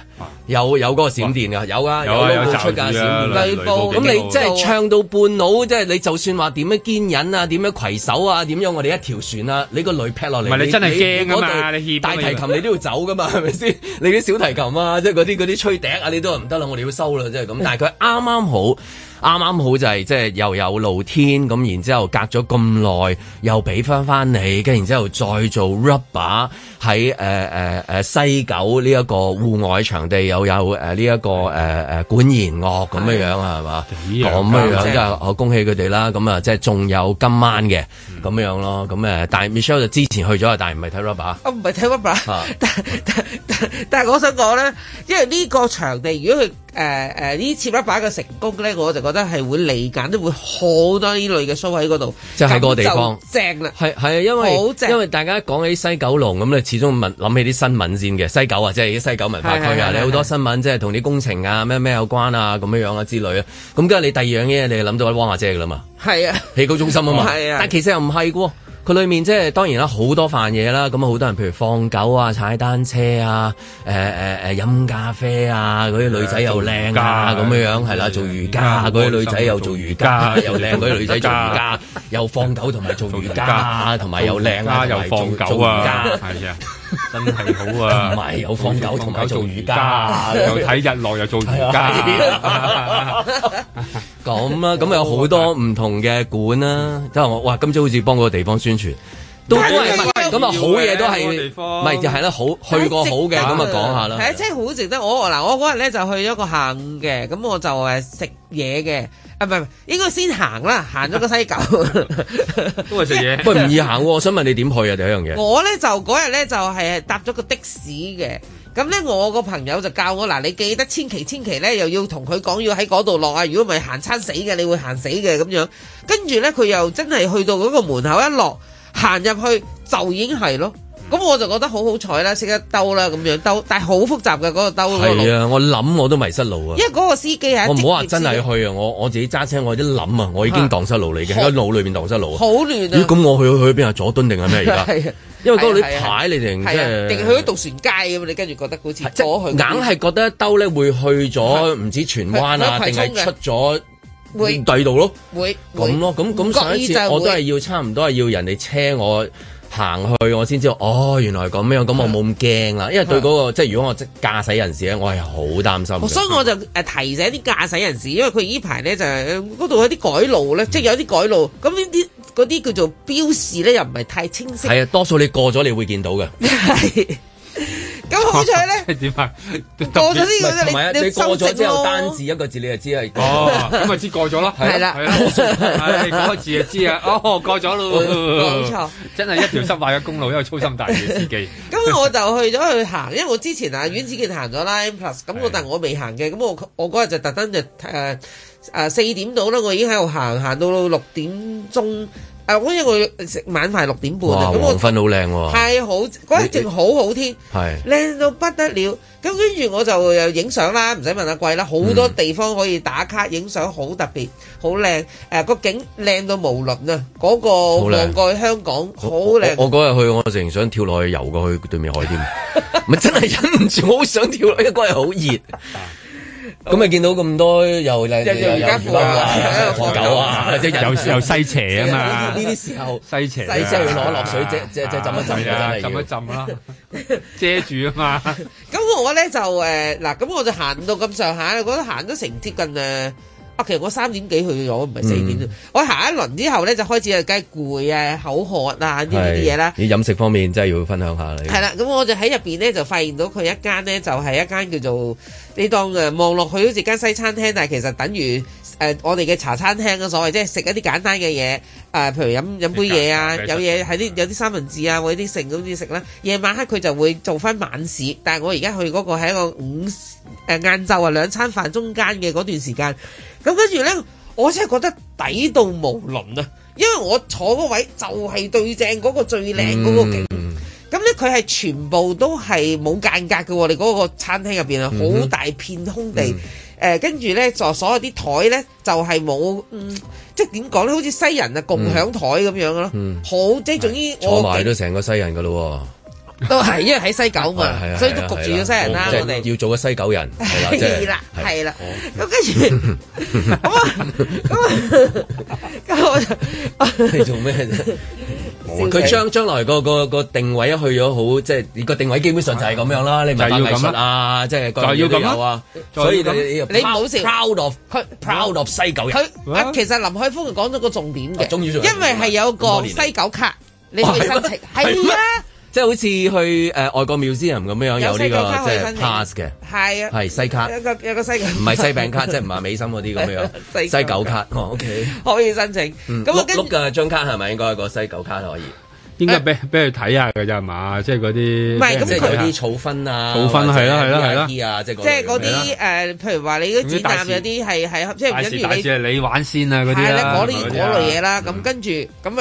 有有嗰個閃電嘅，有啊，有出架閃電雷暴。咁你即係唱到半路，即係你就算話點樣堅忍啊，點樣攜手啊，點樣我哋一條船啊，你個雷劈落嚟，你真係驚啊嘛！大提琴你都要走噶嘛，係咪先？你啲小提琴啊，即係嗰啲嗰啲吹笛啊，你都唔得啦，我哋要收啦，即係咁。但係佢啱啱。啱好。啱啱好就係、是、即係又有露天咁，然之後隔咗咁耐又俾翻翻你，跟然之後再做 rubber 喺誒誒、呃、誒、呃、西九呢一個戶外場地，又有誒呢一個誒誒、呃、管弦樂咁樣樣啊，係嘛好？咁樣樣，即係我恭喜佢哋啦。咁啊，即係仲有今晚嘅咁、嗯、樣咯。咁誒，但係 Michelle 就之前去咗，但係唔係睇 rubber。我唔係睇 rubber，但係的但係我想講咧，因為呢個場地如果佢誒誒呢次 rubber 嘅成功咧，我就覺得。都係會理解，都會好多呢類嘅 show 喺嗰度，即喺個地方正啦。係係，因為正因為大家講起西九龍咁，你始終問諗起啲新聞先嘅西九啊，即係啲西九文化區啊，你好多新聞即係同啲工程啊咩咩有關啊咁樣樣啊之類啊。咁跟住你第二樣嘢，你諗到汪阿姐噶啦嘛？係啊，起高中心啊嘛。係啊， <laughs> 但其實又唔係喎。佢裏面即係當然啦，好多飯嘢啦。咁啊，好多人譬如放狗啊、踩單車啊、誒誒誒飲咖啡啊，嗰啲女仔又靚啊，咁樣樣係啦，做瑜伽嗰啲女仔又做瑜伽，又靚嗰啲女仔做瑜伽，又放狗同埋做瑜伽，同埋又靚啊，又放狗啊，係啊。 <laughs> 真係好啊，唔係、啊、有放狗，同狗做瑜伽，又睇日落又做瑜伽，咁 <laughs> <laughs> 啊，咁、啊啊啊 <laughs> 啊、有好多唔同嘅館啦。即係我，哇！今朝好似幫嗰個地方宣傳。都都係咁啊！好嘢都係，唔係就係啦。好去過好嘅咁啊，講下啦。係啊，真係好值得我嗱。我嗰日咧就去咗個下午嘅，咁我就誒食嘢嘅，啊唔係應該先行啦，行咗個西九 <laughs> 都係食嘢，唔 <laughs> 也易行。我想問你點去啊？第一樣嘢， <laughs> 我咧就嗰日咧就係、是、搭咗個的士嘅，咁咧我個朋友就教我嗱，你記得千祈千祈咧又要同佢講要喺嗰度落啊，如果唔係行餐死嘅，你會行死嘅咁樣。跟住咧佢又真係去到嗰個門口一落，行入去就已經係咯，咁我就覺得好好彩啦，識得兜啦咁樣兜，但係好複雜嘅嗰個兜。係啊，我諗我都迷失路啊。因為嗰個司機係我唔好話真係去啊，我我自己揸車，我一諗啊，我已經蕩失路嚟嘅，喺路裏邊蕩失路。好亂啊！咦？咁我去去邊啊？佐敦定係咩而家？係啊，因為嗰度啲牌你哋即係。定係去咗渡船街咁，你跟住覺得好似攞去。硬係覺得兜咧會去咗唔知荃灣啊，定係出咗？對地道會咯，會咁咯，咁咁所以我都係要差唔多係要人哋車我行去，我先知道哦，原來係咁樣，咁、嗯、我冇咁驚啦，因為對嗰、那個、嗯、即係如果我即係駕駛人士咧，我係好擔心，所以我就誒提醒啲駕駛人士，因為佢依排咧就係嗰度有啲改路咧，即係有啲改路，咁呢啲嗰啲叫做標示咧又唔係太清晰，係啊，多數你過咗你會見到嘅。 <laughs> 咁好彩咧，點啊？過咗呢個咧，你你過咗之後單字一個字你就知啦。哦，咁咪知過咗咯。係啦，係嗰個字就知啊。哦，過咗咯。冇錯，真係一條失敗嘅公路，一個粗心大意嘅司機。咁我就去咗去行，因為我之前啊，袁子健行咗啦，咁我但係我未行嘅。咁我我嗰日就特登就誒誒四點到啦，我已經喺度行，行到六點鐘。啊！我因為食晚飯六點半，咁我瞓好靚喎，太好嗰一陣好好天，靚到你不得了。咁跟住我就又影相啦，唔使問阿貴啦，好多地方可以打卡影相，好特別，好靚。誒、嗯呃嗰個景靚到無倫啊，嗰個望過去香港好靚美美。我嗰日美去，我成日想跳落去游過去對面海添，咪 <laughs> 真係忍唔住，我好想跳落去。嗰日好熱。 <laughs> 咁咪見到咁多又例又啊，黃狗啊，即係又又西斜啊嘛，呢啲時候西斜，即係要攞落水即係即浸一浸浸一浸啦，遮住啊嘛。咁我咧就誒嗱，咁我就行到咁上下，覺得行咗成天咁啊。啊，其實我三點幾去咗，唔係四點。嗯、我下一輪之後咧，就開始啊，梗係攰啊，口渴啊，啲呢啲嘢啦。你飲食方面真係要分享下你。係啦，咁我就喺入邊咧就發現到佢一間咧就係、是、一間叫做你當啊望落去好似間西餐廳，但係其實等於誒、呃、我哋嘅茶餐廳所謂，即係食一啲簡單嘅嘢誒，譬如飲飲，飲杯嘢啊，呃、有嘢喺啲有啲三文治啊，或者啲剩咁啲食啦。夜晚黑佢就會做翻晚市，但係我而家去嗰個係一個午誒晏晝啊兩餐飯中間嘅嗰段時間。嗯咁跟住咧，我真係覺得抵到無倫啊！因為我坐嗰位就係對正嗰個最靚嗰個景。咁咧佢係全部都係冇間隔嘅喎，你嗰個餐廳入邊啊，好大片空地。誒、嗯呃，跟住咧就所有啲台咧就係、是、冇、嗯，即係點講咧，好似西人啊，共享台咁樣咯。嗯、好，嗯、即係總之我買咗成個西人噶咯、哦。都係，因為喺西九嘛，所以都焗住要西人啦。我哋要做個西九人，係啦，係啦。咁跟住，咁，咁，我就你做咩啫？佢將將來個個個定位一去咗好，即係個定位基本上就係咁樣啦。你唔係要咁啦，即係就要咁啦。所以你你好，proud of 佢，proud of 西九。佢其實林海峰係講咗個重點嘅，因為係有個西九卡，你去申請係咩？即係好似去誒外國 museum 咁樣樣有呢個即係 pass 嘅，係啊，係西卡，有個有個西，唔係西餅卡即係唔係美心啲咁樣西九卡，OK，哦可以申請，碌碌嘅張卡係咪應該有個西九卡可以？應該俾俾佢睇下噶咋嘛，即係嗰啲唔係咁佢啲草分啊，草分係啦係啦係啦，即係即係嗰啲誒，譬如話你啲展覽有啲係係即係，而家要你玩先啊嗰啲啦，嗰類嘢啦，咁跟住咁誒，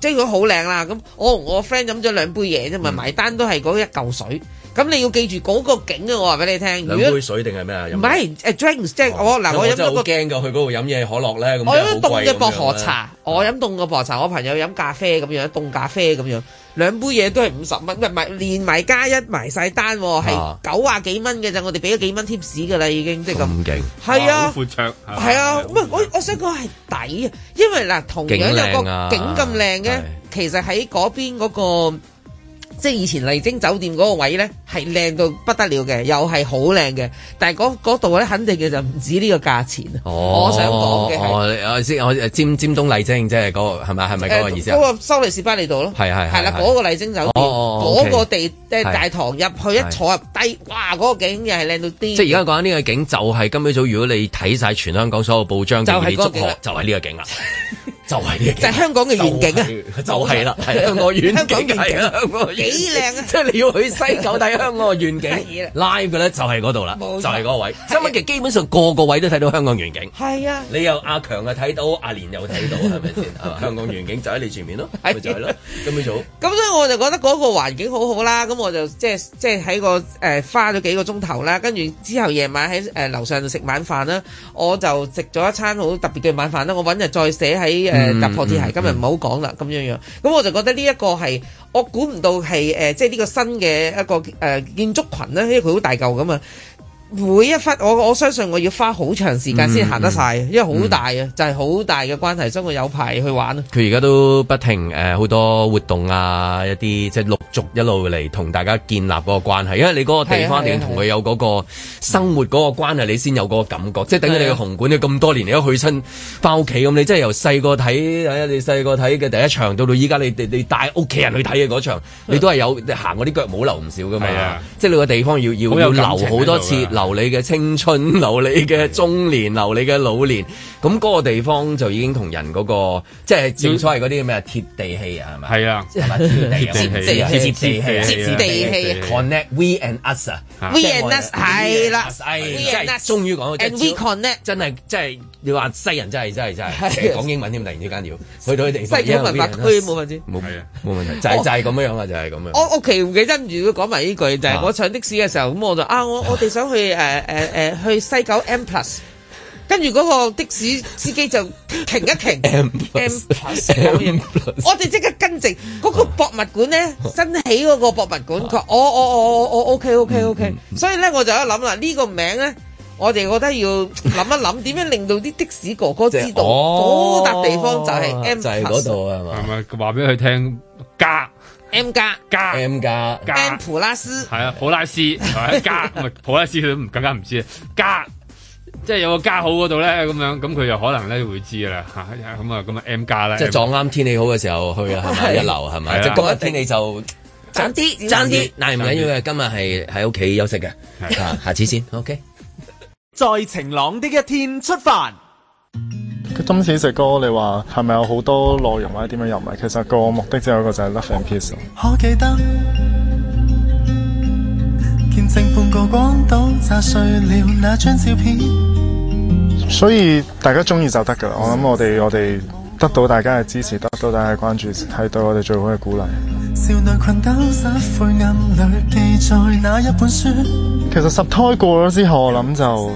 即係佢好靚啦，咁哦我 friend 飲咗兩杯嘢啫嘛，埋單都係嗰一嚿水。咁你要記住嗰個景啊！我話俾你聽，兩杯水定係咩啊？唔係誒，drinks 即係我嗱，我飲咗個景就去嗰度飲嘢可樂咧，咁我飲凍嘅薄荷茶，我飲凍嘅薄荷茶，我朋友飲咖啡咁樣，凍咖啡咁樣，兩杯嘢都係五十蚊，唔係唔係連埋加一埋晒單，係九啊幾蚊嘅啫。我哋俾咗幾蚊貼士噶啦，已經即係咁。咁勁！係啊，好闊綽。係啊，我我想講係抵啊，因為嗱同樣有個景咁靚嘅，其實喺嗰邊嗰個。即係以前麗晶酒店嗰個位咧，係靚到不得了嘅，又係好靚嘅。但係嗰度咧，肯定嘅就唔止呢個價錢。哦、我想講嘅、哦、我先我尖尖，尖東麗晶即係嗰個係咪係咪嗰個意思？嗰、呃那個梳利士巴利道咯。係係係啦，嗰、那個麗晶酒店嗰、哦、個地即係、哦 okay, 大堂入去一坐入的、那個、低，哇！嗰個景又係靚到癲。即係而家講緊呢個景，就係、是、今朝早如果你睇晒全香港所有報章嘅啲就係呢個景啊。就是 <laughs> 就係呢個，就係香港嘅遠景啊！就係啦，係香港遠景，係啦，幾靚啊！即係你要去西九睇香港遠景，live 嘅咧就係嗰度啦，就係嗰位。即係其實基本上個個位都睇到香港遠景，係啊！你又阿強啊，睇到阿蓮又睇到，係咪先啊？香港遠景就喺你前面咯，咪就係咯，咁早。咁所以我就覺得嗰個環境好好啦，咁我就即係即係喺個誒花咗幾個鐘頭啦，跟住之後夜晚喺誒樓上度食晚飯啦，我就食咗一餐好特別嘅晚飯啦，我揾日再寫喺誒。誒突破之係今日唔好講啦，咁樣樣。咁我就覺得呢、呃就是、一個係，我估唔到係誒，即係呢個新嘅一個誒建築群咧，因為佢好大嚿咁啊。每一忽，我我相信我要花好長時間先行得晒，嗯嗯、因為好大啊，嗯、就係好大嘅關係，所以我有排去玩啊。佢而家都不停誒好、呃、多活動啊，一啲即係陸續一路嚟同大家建立嗰個關係。因為你嗰個地方、啊啊、一定要同佢有嗰個生活嗰個關係，你先有嗰個感覺，即係等於你去紅館，咧咁、啊、多年你都去親翻屋企咁，你即係由細個睇喺你細個睇嘅第一場到到依家你你你帶屋企人去睇嘅場，你都係有行嗰啲腳冇留唔少噶嘛。即係、啊啊、你個地方要要要留好多次。留你嘅青春，留你嘅中年，留你嘅老年，咁嗰個地方就已經同人嗰個，即係正所謂嗰啲咩啊？貼地氣啊，係咪？係啊，係咪貼地氣？貼地氣，貼地氣，connect we and us，we and us 係啦，we and us 終於講到，and we connect 真係，真係你話西人真係真係真係講英文添，突然之間要去到啲地方，西九文化區冇問題，冇問題，就係就係咁樣樣啊，就係咁樣。我我奇異因如果講埋呢句，就係我上的士嘅時候，咁我就啊，我我哋想去。誒誒誒，去西九 M Plus，跟住嗰個的士司機就停一停。M M Plus，我哋即刻跟直嗰個博物館咧，新起嗰個博物館，佢哦哦哦哦哦 OK OK OK，所以咧我就喺度諗啦，呢個名咧，我哋覺得要諗一諗，點樣令到啲的士哥哥知道嗰笪地方就係 M Plus 嗰度係咪？係咪話俾佢聽隔？M 加加 M 加加 M 普拉斯係啊，普拉斯加，普拉斯佢都唔更加唔知啊。加即係有個加號嗰度咧，咁樣咁佢就可能咧會知啦吓。咁啊，咁啊 M 加咧，即係撞啱天氣好嘅時候去係咪？一流，係咪？即係今日天氣就爭啲爭啲。但係唔緊要嘅，今日係喺屋企休息嘅，下次先。OK。在晴朗的一天出發。佢今次隻歌，你話係咪有好多內容或者點樣入迷？其實個目的只有一個就係 Love and Peace。可記得見證半個廣島，炸碎了那張照片。所以大家中意就得㗎喇。我諗我哋我哋得到大家嘅支持，得到大家嘅關注，係對我哋最好嘅鼓勵。少女群斗室灰暗裏記載那一本書。其實十胎過咗之後，我諗就。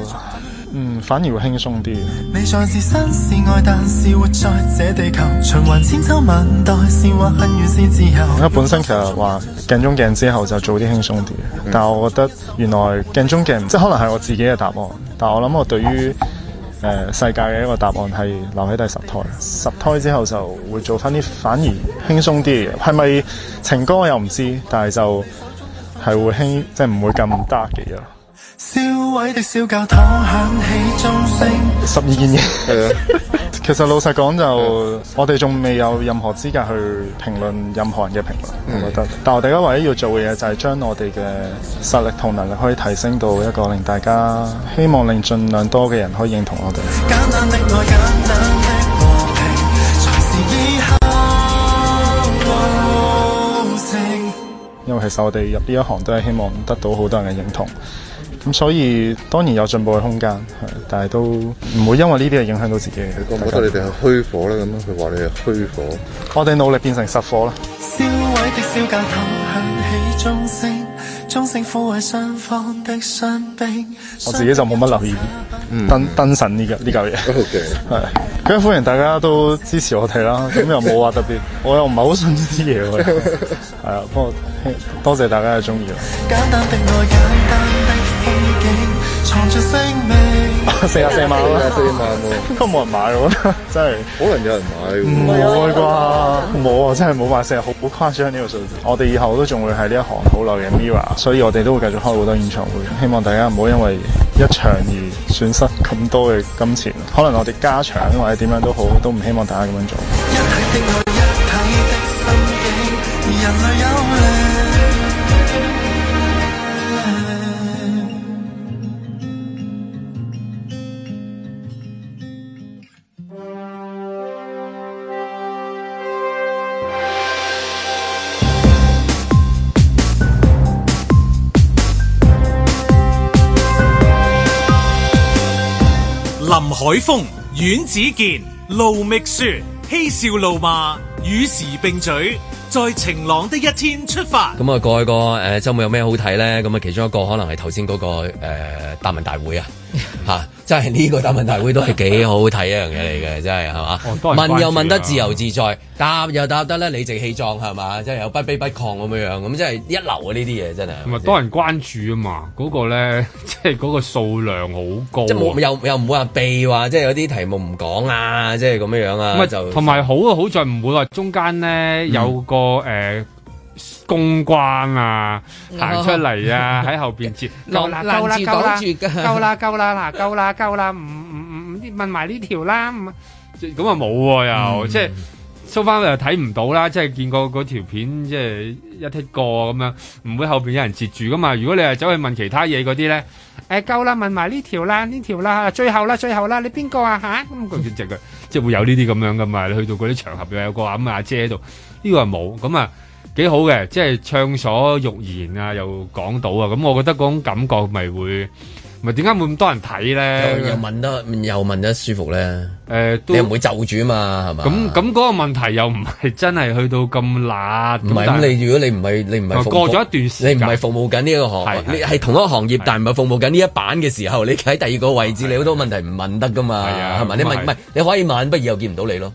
嗯，反而會輕鬆啲。你在自身是愛，但是活在這地球，循環千秋萬代，是或恨，原是自由。我、嗯、本身其實話鏡中鏡之後就做啲輕鬆啲，嗯、但係我覺得原來鏡中鏡，即係可能係我自己嘅答案。但我諗我對於誒、呃、世界嘅一個答案係留喺第十胎，十胎之後就會做翻啲反而輕鬆啲。係咪情歌，我又唔知，但係就係會輕，即係唔會咁 dark 嘅嘢。的小教堂響起鐘聲。十二件嘢， <laughs> 其實老實講就我哋仲未有任何資格去評論任何人嘅評論，我覺得。但我哋而家唯一要做嘅嘢就係將我哋嘅實力同能力可以提升到一個令大家希望令盡量多嘅人可以認同我哋。簡單的愛，簡單的和平才是以後，因為其實我哋入呢一行都係希望得到好多人嘅認同。咁、嗯、所以當然有進步嘅空間，係，但係都唔會因為呢啲嘢影響到自己。你覺唔覺得你哋係虛火啦。咁樣佢話你係虛火，我哋努力變成實火啦。燒毀的小教堂響起鐘聲，鐘聲撫慰雙方的傷兵。我自己就冇乜留意燈燈、嗯、神呢呢嚿嘢。係、這、咁、個，Okay. 歡迎大家都支持我哋啦。咁又冇話特別， <laughs> 我又唔係好信呢啲嘢。係啊，不過多謝大家嘅鍾意。 <laughs> <laughs> 四啊 <laughs> 四萬咯，都冇 <laughs> 人買喎， <laughs> 真係是。可能有人買，唔會啩？冇啊， <laughs> 真係冇買，成日好誇張呢個數字。我哋以後都仲會喺呢一行好耐嘅 mirror 所以我哋都會繼續開好多演唱會。希望大家唔好因為一場而損失咁多嘅金錢。可能我哋加場或者點樣都好，都唔希望大家咁樣做。海峰、阮子健、盧覓雪、嬉笑怒罵，與時並舉，在晴朗的一天出發。咁啊，過去個誒周末有咩好睇咧？咁啊，其中一個可能係頭先個誒答問大會啊。吓、 <laughs> 啊，真係呢個答問題會都係幾好睇一樣嘢嚟嘅， <laughs> 真係係嘛？哦啊、問又問得自由自在，答又答得咧理直氣壯，係嘛？即係有不卑不亢咁樣樣，咁即係一流啊！呢啲嘢真係同埋多人關注啊嘛，嗰 <laughs> 個咧即係嗰個數量好高，即冇、啊、又又唔會話避話，即係有啲題目唔講啊，即係咁樣樣啊。唔係為，同埋就好啊，好在唔會話中間咧、嗯、有個誒。呃公關啊，行出嚟啊，喺後邊截，夠啦夠啦夠啦，夠啦夠啦嗱，夠啦夠啦，唔唔唔，問埋呢條啦，咁啊冇又即係收翻又睇唔到啦，即係見過嗰條片即係一踢過咁樣，唔會後邊有人截住噶嘛。如果你係走去問其他嘢嗰啲咧，誒夠啦，問埋呢條啦呢條啦，最後啦最後啦，你邊個啊吓？咁完全正嘅，即係會有呢啲咁樣噶嘛。你去到嗰啲場合又有個阿媽姐喺度，呢個係冇咁啊。幾好嘅，即係暢所欲言啊，又講到啊，咁我覺得嗰種感覺咪會。咪點解會咁多人睇咧？又問得又問得舒服咧？誒，你唔會就住啊嘛？係嘛？咁咁嗰個問題又唔係真係去到咁辣，唔係咁，你如果你唔係你唔係過咗一段時間，你唔係服務緊呢一個行業，你係同一個行業，但係唔係服務緊呢一版嘅時候，你喺第二個位置，你好多問題唔問得噶嘛？係咪？你問唔係你可以問，不如又見唔到你咯。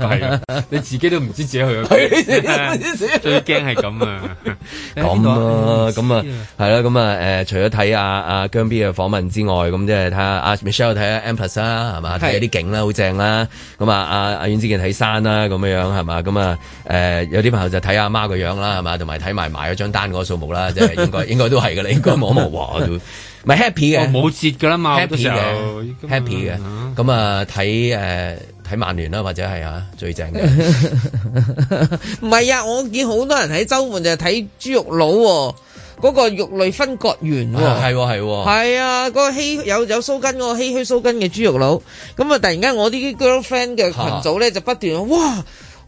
係你自己都唔知自己去。最驚係咁啊！咁啊，咁啊，係啦，咁啊，誒，除咗睇啊～阿、啊、姜 B 嘅訪問之外，咁即係睇下、啊、阿 Michelle 睇下、啊、M+ 啦，係嘛睇下啲景啦，好正啦。咁啊，阿阿袁子健睇山啦，咁樣樣係嘛？咁、嗯、啊，誒、啊嗯啊啊、有啲朋友就睇阿、啊、媽個樣啦，係嘛？同埋睇埋買咗張單嗰個數目啦，即係 <laughs> 應該應該都係嘅啦。應該望一望，哇！唔係 <laughs> happy 嘅，冇折嘅啦嘛。Happy 嘅，happy 嘅。咁啊，睇誒睇曼聯啦，或者係啊最正嘅。唔係 <laughs> 啊，我見好多人喺周末就睇豬肉佬喎、啊。嗰個肉類分割員喎，係係係啊！哦哦啊嗰個稀有有蘇根嗰、嗰個唏噓蘇根嘅豬肉佬，咁啊！突然間我啲 girlfriend 嘅群組咧就不斷哇，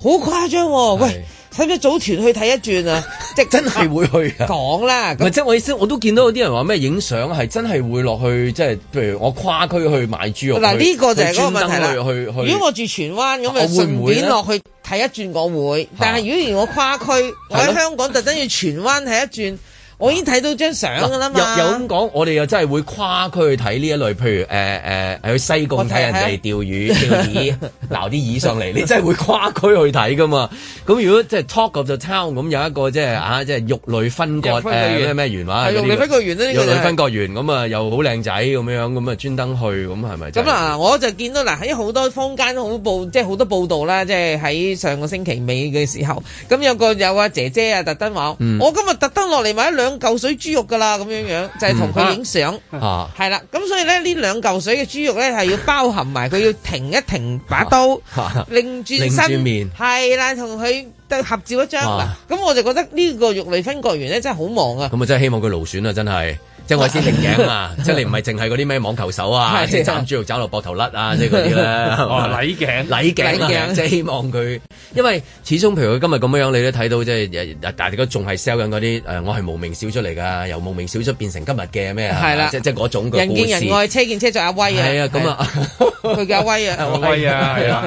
好誇張喎、哦！是喂，使唔使組團去睇一轉啊？ <laughs> 即係真係會去講啦。即係我意思，我都見到有啲人話咩影相係真係會落去，即係譬如我跨區去買豬肉。嗱呢個就係個問題啦。去去如果我住荃灣，咁咪順便落去睇一轉？我會，會，我會，但係如果而我跨區， <laughs> 我喺香港特登要荃灣睇一轉。我已經睇到張相㗎啦嘛！有咁講，我哋又真係會跨區去睇呢一類，譬如誒誒，去西貢睇人哋釣魚，釣啲撈啲椅上嚟，你真係會跨區去睇㗎嘛？咁如果即係 talk of the town 咁，有一個即係啊，即係肉類分割誒咩咩圓畫嗰啲，肉類分割圓咁啊，又好靚仔咁樣，咁啊專登去咁係咪？咁嗱，我就見到嗱，喺好多坊間好報，即係好多報道啦，即係喺上個星期尾嘅時候，咁有個有啊姐姐啊，特登話：我今日特登落嚟買兩兩嚿水豬肉噶啦，咁樣樣就係同佢影相，係啦、嗯。咁、啊、所以咧，呢兩嚿水嘅豬肉咧係要包含埋，佢要停一停，把刀擰轉、啊啊啊、身，係啦面，同佢合照一張。咁、啊、我就覺得呢個肉類分割員咧真係好忙啊！咁啊，真係希望佢勞損啊，真係。即係我先頸頸啊！即係你唔係淨係嗰啲咩網球手啊，即係斬豬肉斬到膊頭甩啊，即係嗰啲啦。哦，禮頸禮頸，即係希望佢，因為始終譬如佢今日咁樣樣，你都睇到即係誒，大家仲係 sell 緊嗰啲誒，我係無名小卒嚟㗎，由無名小卒變成今日嘅咩啊？係啦，即係即係嗰種嘅人見人愛，車見車載阿威啊！係啊，咁啊，佢叫阿威啊，阿威啊，係啦。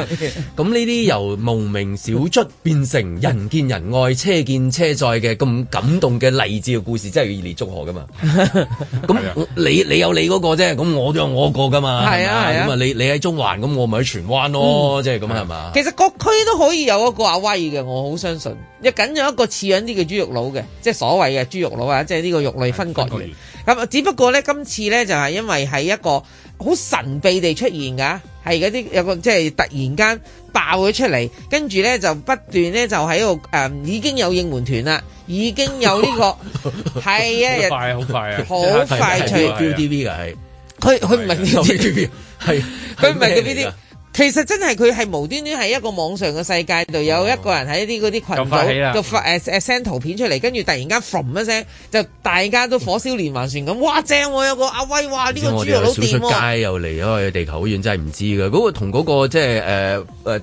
咁呢啲由無名小卒變成人見人愛、車見車載嘅咁感動嘅勵志嘅故事，真係要熱烈祝賀㗎嘛！咁 <laughs> 你你有你嗰個啫，咁我都有我個噶嘛。係啊係啊。咁啊，你你喺中環，咁我咪喺荃灣咯，即係咁係嘛。其實各區都可以有一個阿威嘅，我好相信。一緊有一個似樣啲嘅豬肉佬嘅，即係所謂嘅豬肉佬啊，即係呢個肉類分割員。咁只不過咧，今次咧就係、是、因為喺一個好神秘地出現噶，係嗰啲有個即係、就是、突然間爆咗出嚟，跟住咧就不斷咧就喺度誒，已經有應援團啦。已經有呢個係啊，好快啊，好快！除 QTV 嘅係。佢佢唔係 QTV，佢唔係叫 QTV。其實真係佢係無端端喺一個網上嘅世界度，有一個人喺啲啲群組度發誒 send 圖片出嚟，跟住突然間馴一聲，就大家都火燒連環船咁。哇！正！有個阿威哇！呢個豬肉佬掂喎。少出街又離開地球好遠，真係唔知嘅。嗰個同嗰個即係誒誒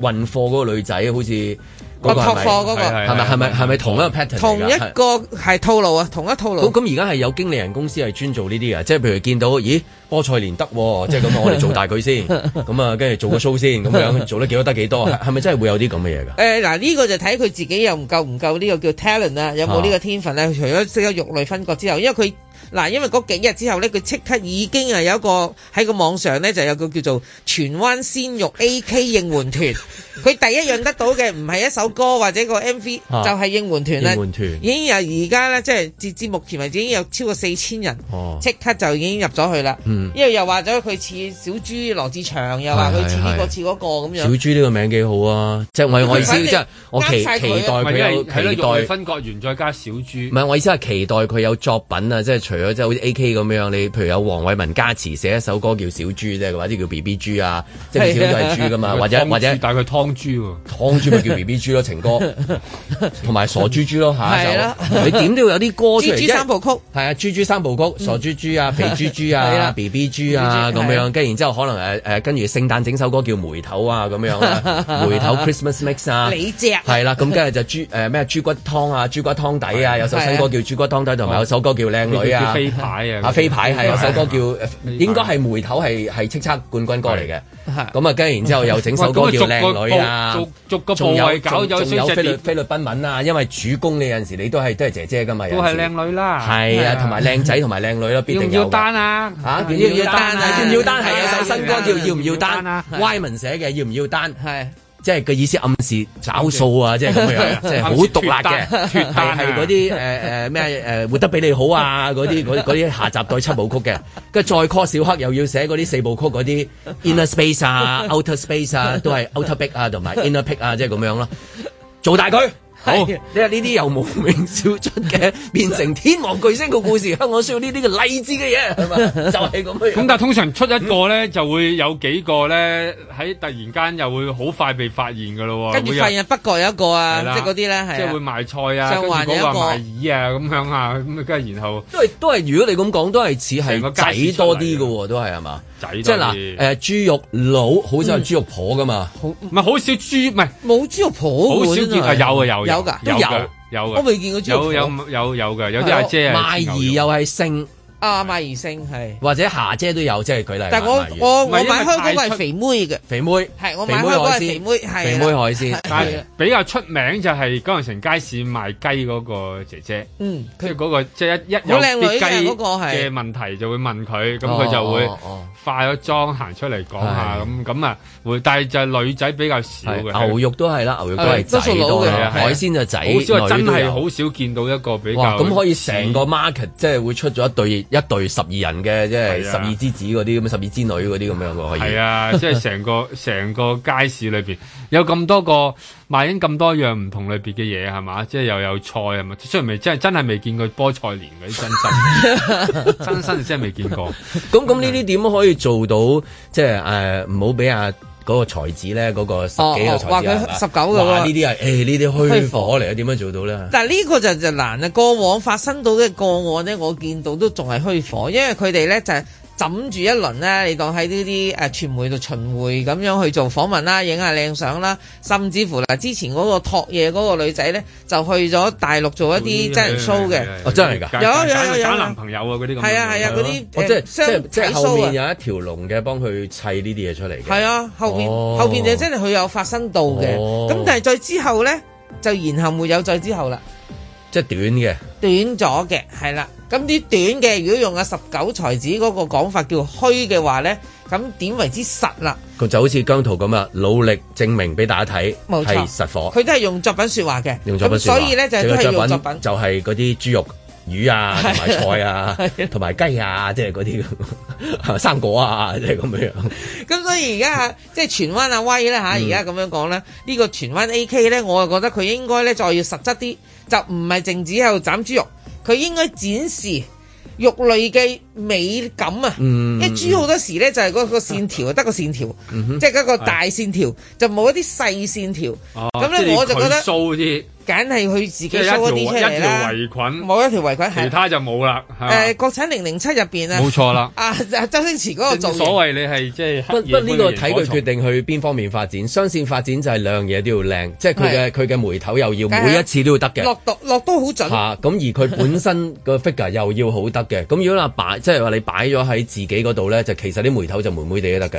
運貨嗰個女仔好似，個托貨嗰個係咪係咪係咪同一個 pattern 同一個係套路啊，是 同一套路，啊。咁而家係有經理人公司係專做呢啲噶，即係譬如見到咦菠菜蓮得，啊，即係咁我哋做大佢先，咁 <laughs> 啊跟住做個 show 先，咁樣，啊，做得幾多得幾多，係咪 <laughs> 真係會有啲咁嘅嘢噶？誒嗱呢個就睇佢自己又唔夠唔夠呢個叫 talent 啊，有冇呢個天分咧，啊？啊，除咗識咗肉類分割之後，因為佢。嗱，因為嗰幾日之後咧，佢即刻已經係有一個喺個網上咧，就有個叫做荃灣鮮肉 A K 應援團，佢第一樣得到嘅唔係一首歌或者個 M V，就係應援團咧，應援團已經而家咧，即係截至目前為止已經有超過四千人，即刻就已經入咗去啦。嗯，因為又話咗佢似小豬羅志祥，又話佢似呢個似嗰個咁樣，小豬呢個名幾好啊！即係我我意思即係我期期待佢有期待分割完再加小豬，唔係我意思係期待佢有作品啊！即係除。即係好似 A K 咁樣，你譬如有黃偉文加持，寫一首歌叫小豬啫，或者叫 B B 豬啊，即係小豬係豬噶嘛，或者或者大概湯豬，湯豬咪叫 B B 豬咯，情歌同埋傻豬豬咯吓，你點都要有啲歌出嚟。豬豬三部曲係啊，豬豬三部曲，傻豬豬啊，肥豬豬啊，B B 豬啊咁樣，跟然之後可能誒誒，跟住聖誕整首歌叫梅頭啊咁樣，梅頭 Christmas Mix 啊，你知啊，係啦，咁跟住就豬誒咩豬骨湯啊，豬骨湯底啊，有首新歌叫豬骨湯底，同埋有首歌叫靚女啊。飛牌啊！啊，飛牌係啊，首歌叫，應該係梅頭係係叱咤冠軍歌嚟嘅。咁啊，跟住然之後又整首歌叫靚女啊。逐個部位有，仲有菲律賓文啊！因為主攻你有陣時你都係都係姐姐噶嘛。都係靚女啦。係啊，同埋靚仔同埋靚女咯，必定要要單啊！吓，要要單啊！要要單係有首新歌叫，要要唔要單啊？Wyman 寫嘅要唔要單？係。即係個意思暗示找數啊！即係咁樣， <laughs> 即係好獨立嘅，特別係嗰啲誒誒咩誒活得比你好啊！嗰啲嗰啲下集對七部曲嘅，跟住再 call 小黑又要寫嗰啲四部曲嗰啲 inner space 啊、outer space 啊，都係 outer big 啊同埋 inner pick 啊，即係咁樣啦，做大佢。係，你話呢啲由無名小卒嘅，變成天王巨星嘅故事，香港需要呢啲嘅勵志嘅嘢，係嘛？就係咁樣。咁但係通常出一個咧，就會有幾個咧喺突然間又會好快被發現噶咯。跟住發現，北角有一個啊，即係嗰啲咧，即係會賣菜啊，就係賣椅啊咁樣啊，咁跟住然後都係都係，如果你咁講，都係似係仔多啲嘅，都係係嘛？仔即係嗱，誒，豬肉佬好似係豬肉婆噶嘛？唔係好少豬，唔係冇豬肉婆，好少見啊，有啊有。有噶，有有，噶，我未見過。有有有有噶，有啲係姐係賣兒又係姓。啊，賣魚勝係，或者霞姐都有，即係佢嚟。但我我我買香港係肥妹嘅，肥妹係，我買香港係肥妹係肥妹海鮮，比較出名就係江城街市賣雞嗰個姐姐。嗯，即係嗰個即係一一有靚女雞嘅問題就會問佢，咁佢就會化咗妝行出嚟講下咁咁啊。會，但係就係女仔比較少嘅。牛肉都係啦，牛肉都係仔，多數海鮮就仔。真係好少見到一個比較。哇！咁可以成個 market 即係會出咗一對。一對十二人嘅，即係十二之子嗰啲咁，是啊、十二之女嗰啲咁樣嘅可以。係啊，即係成個成 <laughs> 個，個街市裏邊有咁多個賣緊咁多樣唔同類別嘅嘢，係嘛？即係又有菜，係咪？雖然未真真係未見過菠菜蓮嗰啲真心，真身真係未見過。咁咁呢啲點可以做到？ <laughs> 即係誒，唔好俾阿。嗰個才子咧，嗰、嗰個十幾個才子啊，哇、哦！呢啲係誒，呢啲虛火嚟啊，點樣做到咧？但係呢個就就難啊！過往發生到嘅個案咧，我見到都仲係虛火，因為佢哋咧就係。搵住一輪咧，你當喺呢啲誒傳媒度巡迴咁樣去做訪問啦，影下靚相啦，甚至乎嗱、啊、之前嗰個托嘢嗰個女仔咧，就去咗大陸做一啲真人 show 嘅，哦、啊，啊啊啊啊啊、真係㗎，有有有有，有，有，有，有男朋友啊嗰啲咁，係啊係啊嗰啲，啊啊、即即即後面有一條龍嘅幫佢砌呢啲嘢出嚟，係啊、哦、後面後面就真係佢有發生到嘅，咁、哦哦、但係再之後咧就然後沒有再之後啦，即短嘅，短咗嘅係啦。咁啲短嘅，如果用阿十九才子嗰個講法叫虛嘅話咧，咁點為之實啦？佢就好似姜濤咁啊，努力證明俾大家睇，係錯實火。佢都係用作品説話嘅，用作品説話。所以咧就都係用作品，就係嗰啲豬肉、魚啊、同埋菜啊，同埋 <laughs> 雞啊，即係嗰啲，生 <laughs> 果啊，即係咁樣樣。咁所以而家即係荃灣阿威咧嚇，而家咁樣講咧，呢個荃灣 AK 咧，我就覺得佢應該咧再要實質啲，就唔係淨止喺度斬豬肉。佢應該展示肉類嘅美感啊！嗯、一豬好多時咧就係嗰個線條啊，得個線條，即係嗰個大線條、嗯、哼就冇一啲細線條。咁咧、哦、我就覺得數啲。哦梗係佢自己租一啲出嚟一條圍裙，冇一條圍裙，其他就冇啦。誒，國產零零七入邊啊，冇錯啦。啊，周星馳嗰個做所謂你係即係不不呢個睇佢決定去邊方面發展，雙線發展就係兩樣嘢都要靚，即係佢嘅佢嘅眉頭又要每一次都要得嘅。落到落到好準。咁而佢本身個 figure 又要好得嘅。咁如果啊擺，即係話你擺咗喺自己嗰度咧，就其實啲眉頭就妹妹哋都得㗎，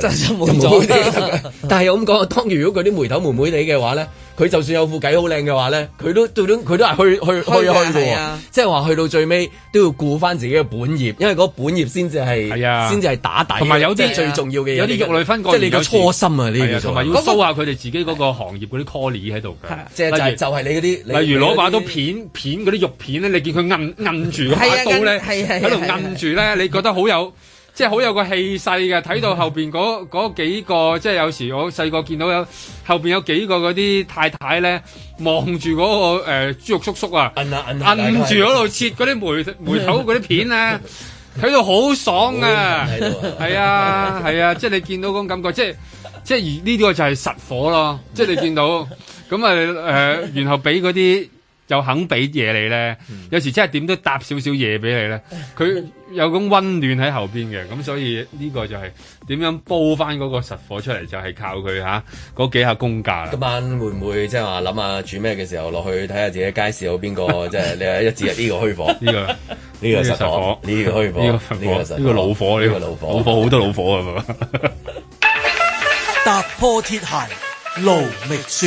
但係我咁講，當如果佢啲眉頭妹妹哋嘅話咧。佢就算有副計好靚嘅話咧，佢都佢都係去開開開喎，即係話去到最尾都要顧翻自己嘅本業，因為嗰本業先至係先至係打底，同埋有啲最重要嘅嘢，有啲肉類分割，即係你個初心啊呢啲，同埋要 show 下佢哋自己嗰個行業嗰啲 call 喺度嘅。即係就係你嗰啲，例如攞把刀片片嗰啲肉片咧，你見佢摁摁住嗰把刀咧，喺度摁住咧，你覺得好有。即係好有個氣勢嘅，睇到後邊嗰嗰幾個，即係有時我細個見到有後邊有幾個嗰啲太太咧，望住嗰個誒、呃、豬肉叔叔啊，摁住嗰度切嗰啲梅 <laughs> 梅頭嗰啲片啊，睇到好爽啊，啊，係 <laughs> 啊係啊，即係你見到嗰種感覺，即係即係呢個就係實火咯，即係你見到咁啊誒，然後俾嗰啲。又肯俾嘢你咧，有時真係點都搭少少嘢俾你咧，佢有咁温暖喺後邊嘅，咁所以呢個就係點樣煲翻嗰個實火出嚟，就係靠佢吓嗰幾下工價啦。今晚會唔會即係話諗下煮咩嘅時候落去睇下自己街市有邊個即係咧？一指係呢個虛火，呢個呢個實火，呢個虛火，呢個實，呢個老火，呢個老火，老火好多老火啊嘛！踏破鐵鞋路未熟。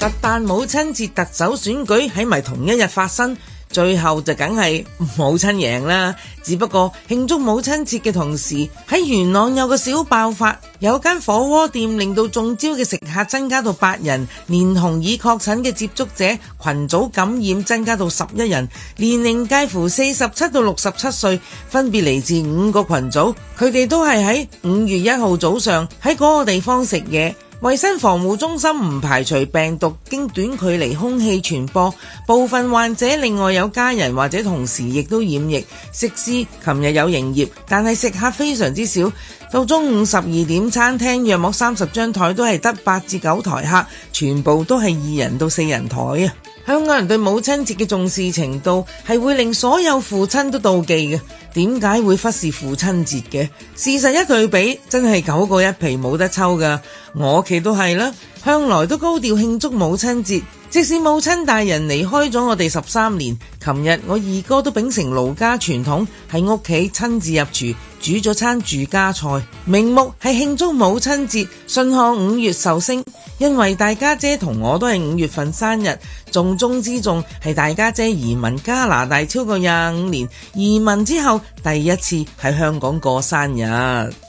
特旦，母親節特首選舉喺埋同一日發生，最後就梗係母親贏啦。只不過慶祝母親節嘅同時，喺元朗有個小爆發，有間火鍋店令到中招嘅食客增加到八人，連同已確診嘅接觸者群組感染增加到十一人，年齡介乎四十七到六十七歲，分別嚟自五個群組，佢哋都係喺五月一號早上喺嗰個地方食嘢。衞生防護中心唔排除病毒經短距離空氣傳播，部分患者另外有家人或者同事亦都染疫。食肆琴日有營業，但係食客非常之少，到中午十二點餐廳，餐廳約莫三十張枱都係得八至九枱客，全部都係二人到四人枱啊！香港人對母親節嘅重視程度係會令所有父親都妒忌嘅。點解會忽視父親節嘅？事實一對比，真係九個一皮冇得抽㗎。我屋企都係啦，向來都高調慶祝母親節。即使母親大人離開咗我哋十三年，琴日我二哥都秉承老家傳統，喺屋企親自入廚煮咗餐住家菜。明目係慶祝母親節，順向五月壽星，因為大家姐同我都係五月份生日，重中之重係大家姐移民加拿大超過廿五年，移民之後第一次喺香港過生日。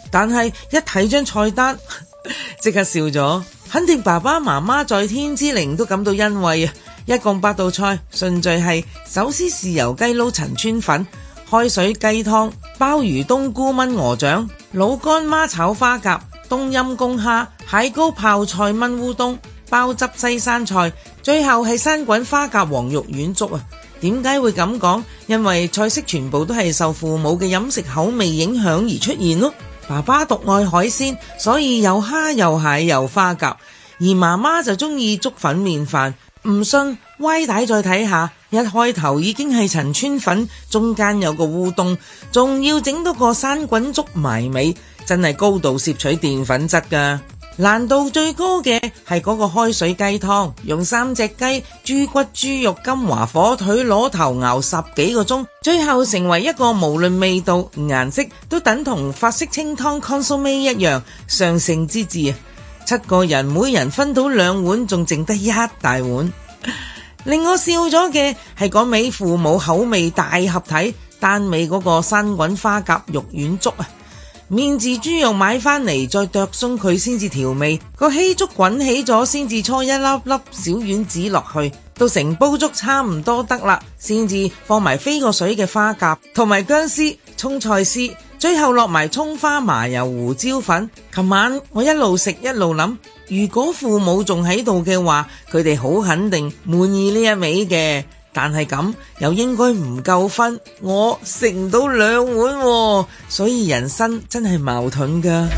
但係一睇張菜單，即刻笑咗。肯定爸爸媽媽在天之靈都感到欣慰啊！一共八道菜，順序係：手撕豉油雞、撈陳村粉、開水雞湯、鮑魚冬菇炆鵝掌、老乾媽炒花甲、冬陰功蝦、蟹膏泡菜炆烏冬、鮑汁西生菜，最後係生滾花甲黃肉丸粥啊！點解會咁講？因為菜式全部都係受父母嘅飲食口味影響而出現咯。爸爸獨愛海鮮，所以有蝦、有蟹、有花甲；而媽媽就中意粥粉麵飯。唔信，威大再睇下，一開頭已經係陳村粉，中間有個烏冬，仲要整多個生滾粥埋尾，真係高度攝取澱粉質噶。難度最高嘅係嗰個開水雞湯，用三隻雞、豬骨、豬肉、金華火腿、螺頭熬十幾個鐘，最後成為一個無論味道、顏色都等同法式清湯 consommé 一樣上乘之至。七個人每人分到兩碗，仲剩得一大碗。 <laughs> 令我笑咗嘅係嗰味父母口味大合體，單尾嗰個生滾花甲肉丸粥。面字豬肉買翻嚟，再剁鬆佢先至調味。個稀粥滾起咗，先至搓一粒粒小丸子落去，到成煲粥差唔多得啦，先至放埋飛過水嘅花甲同埋薑絲、葱菜絲，最後落埋葱花、麻油、胡椒粉。琴晚我一路食一路諗，如果父母仲喺度嘅話，佢哋好肯定滿意呢一味嘅。但係咁又應該唔夠分，我食唔到兩碗喎，所以人生真係矛盾噶。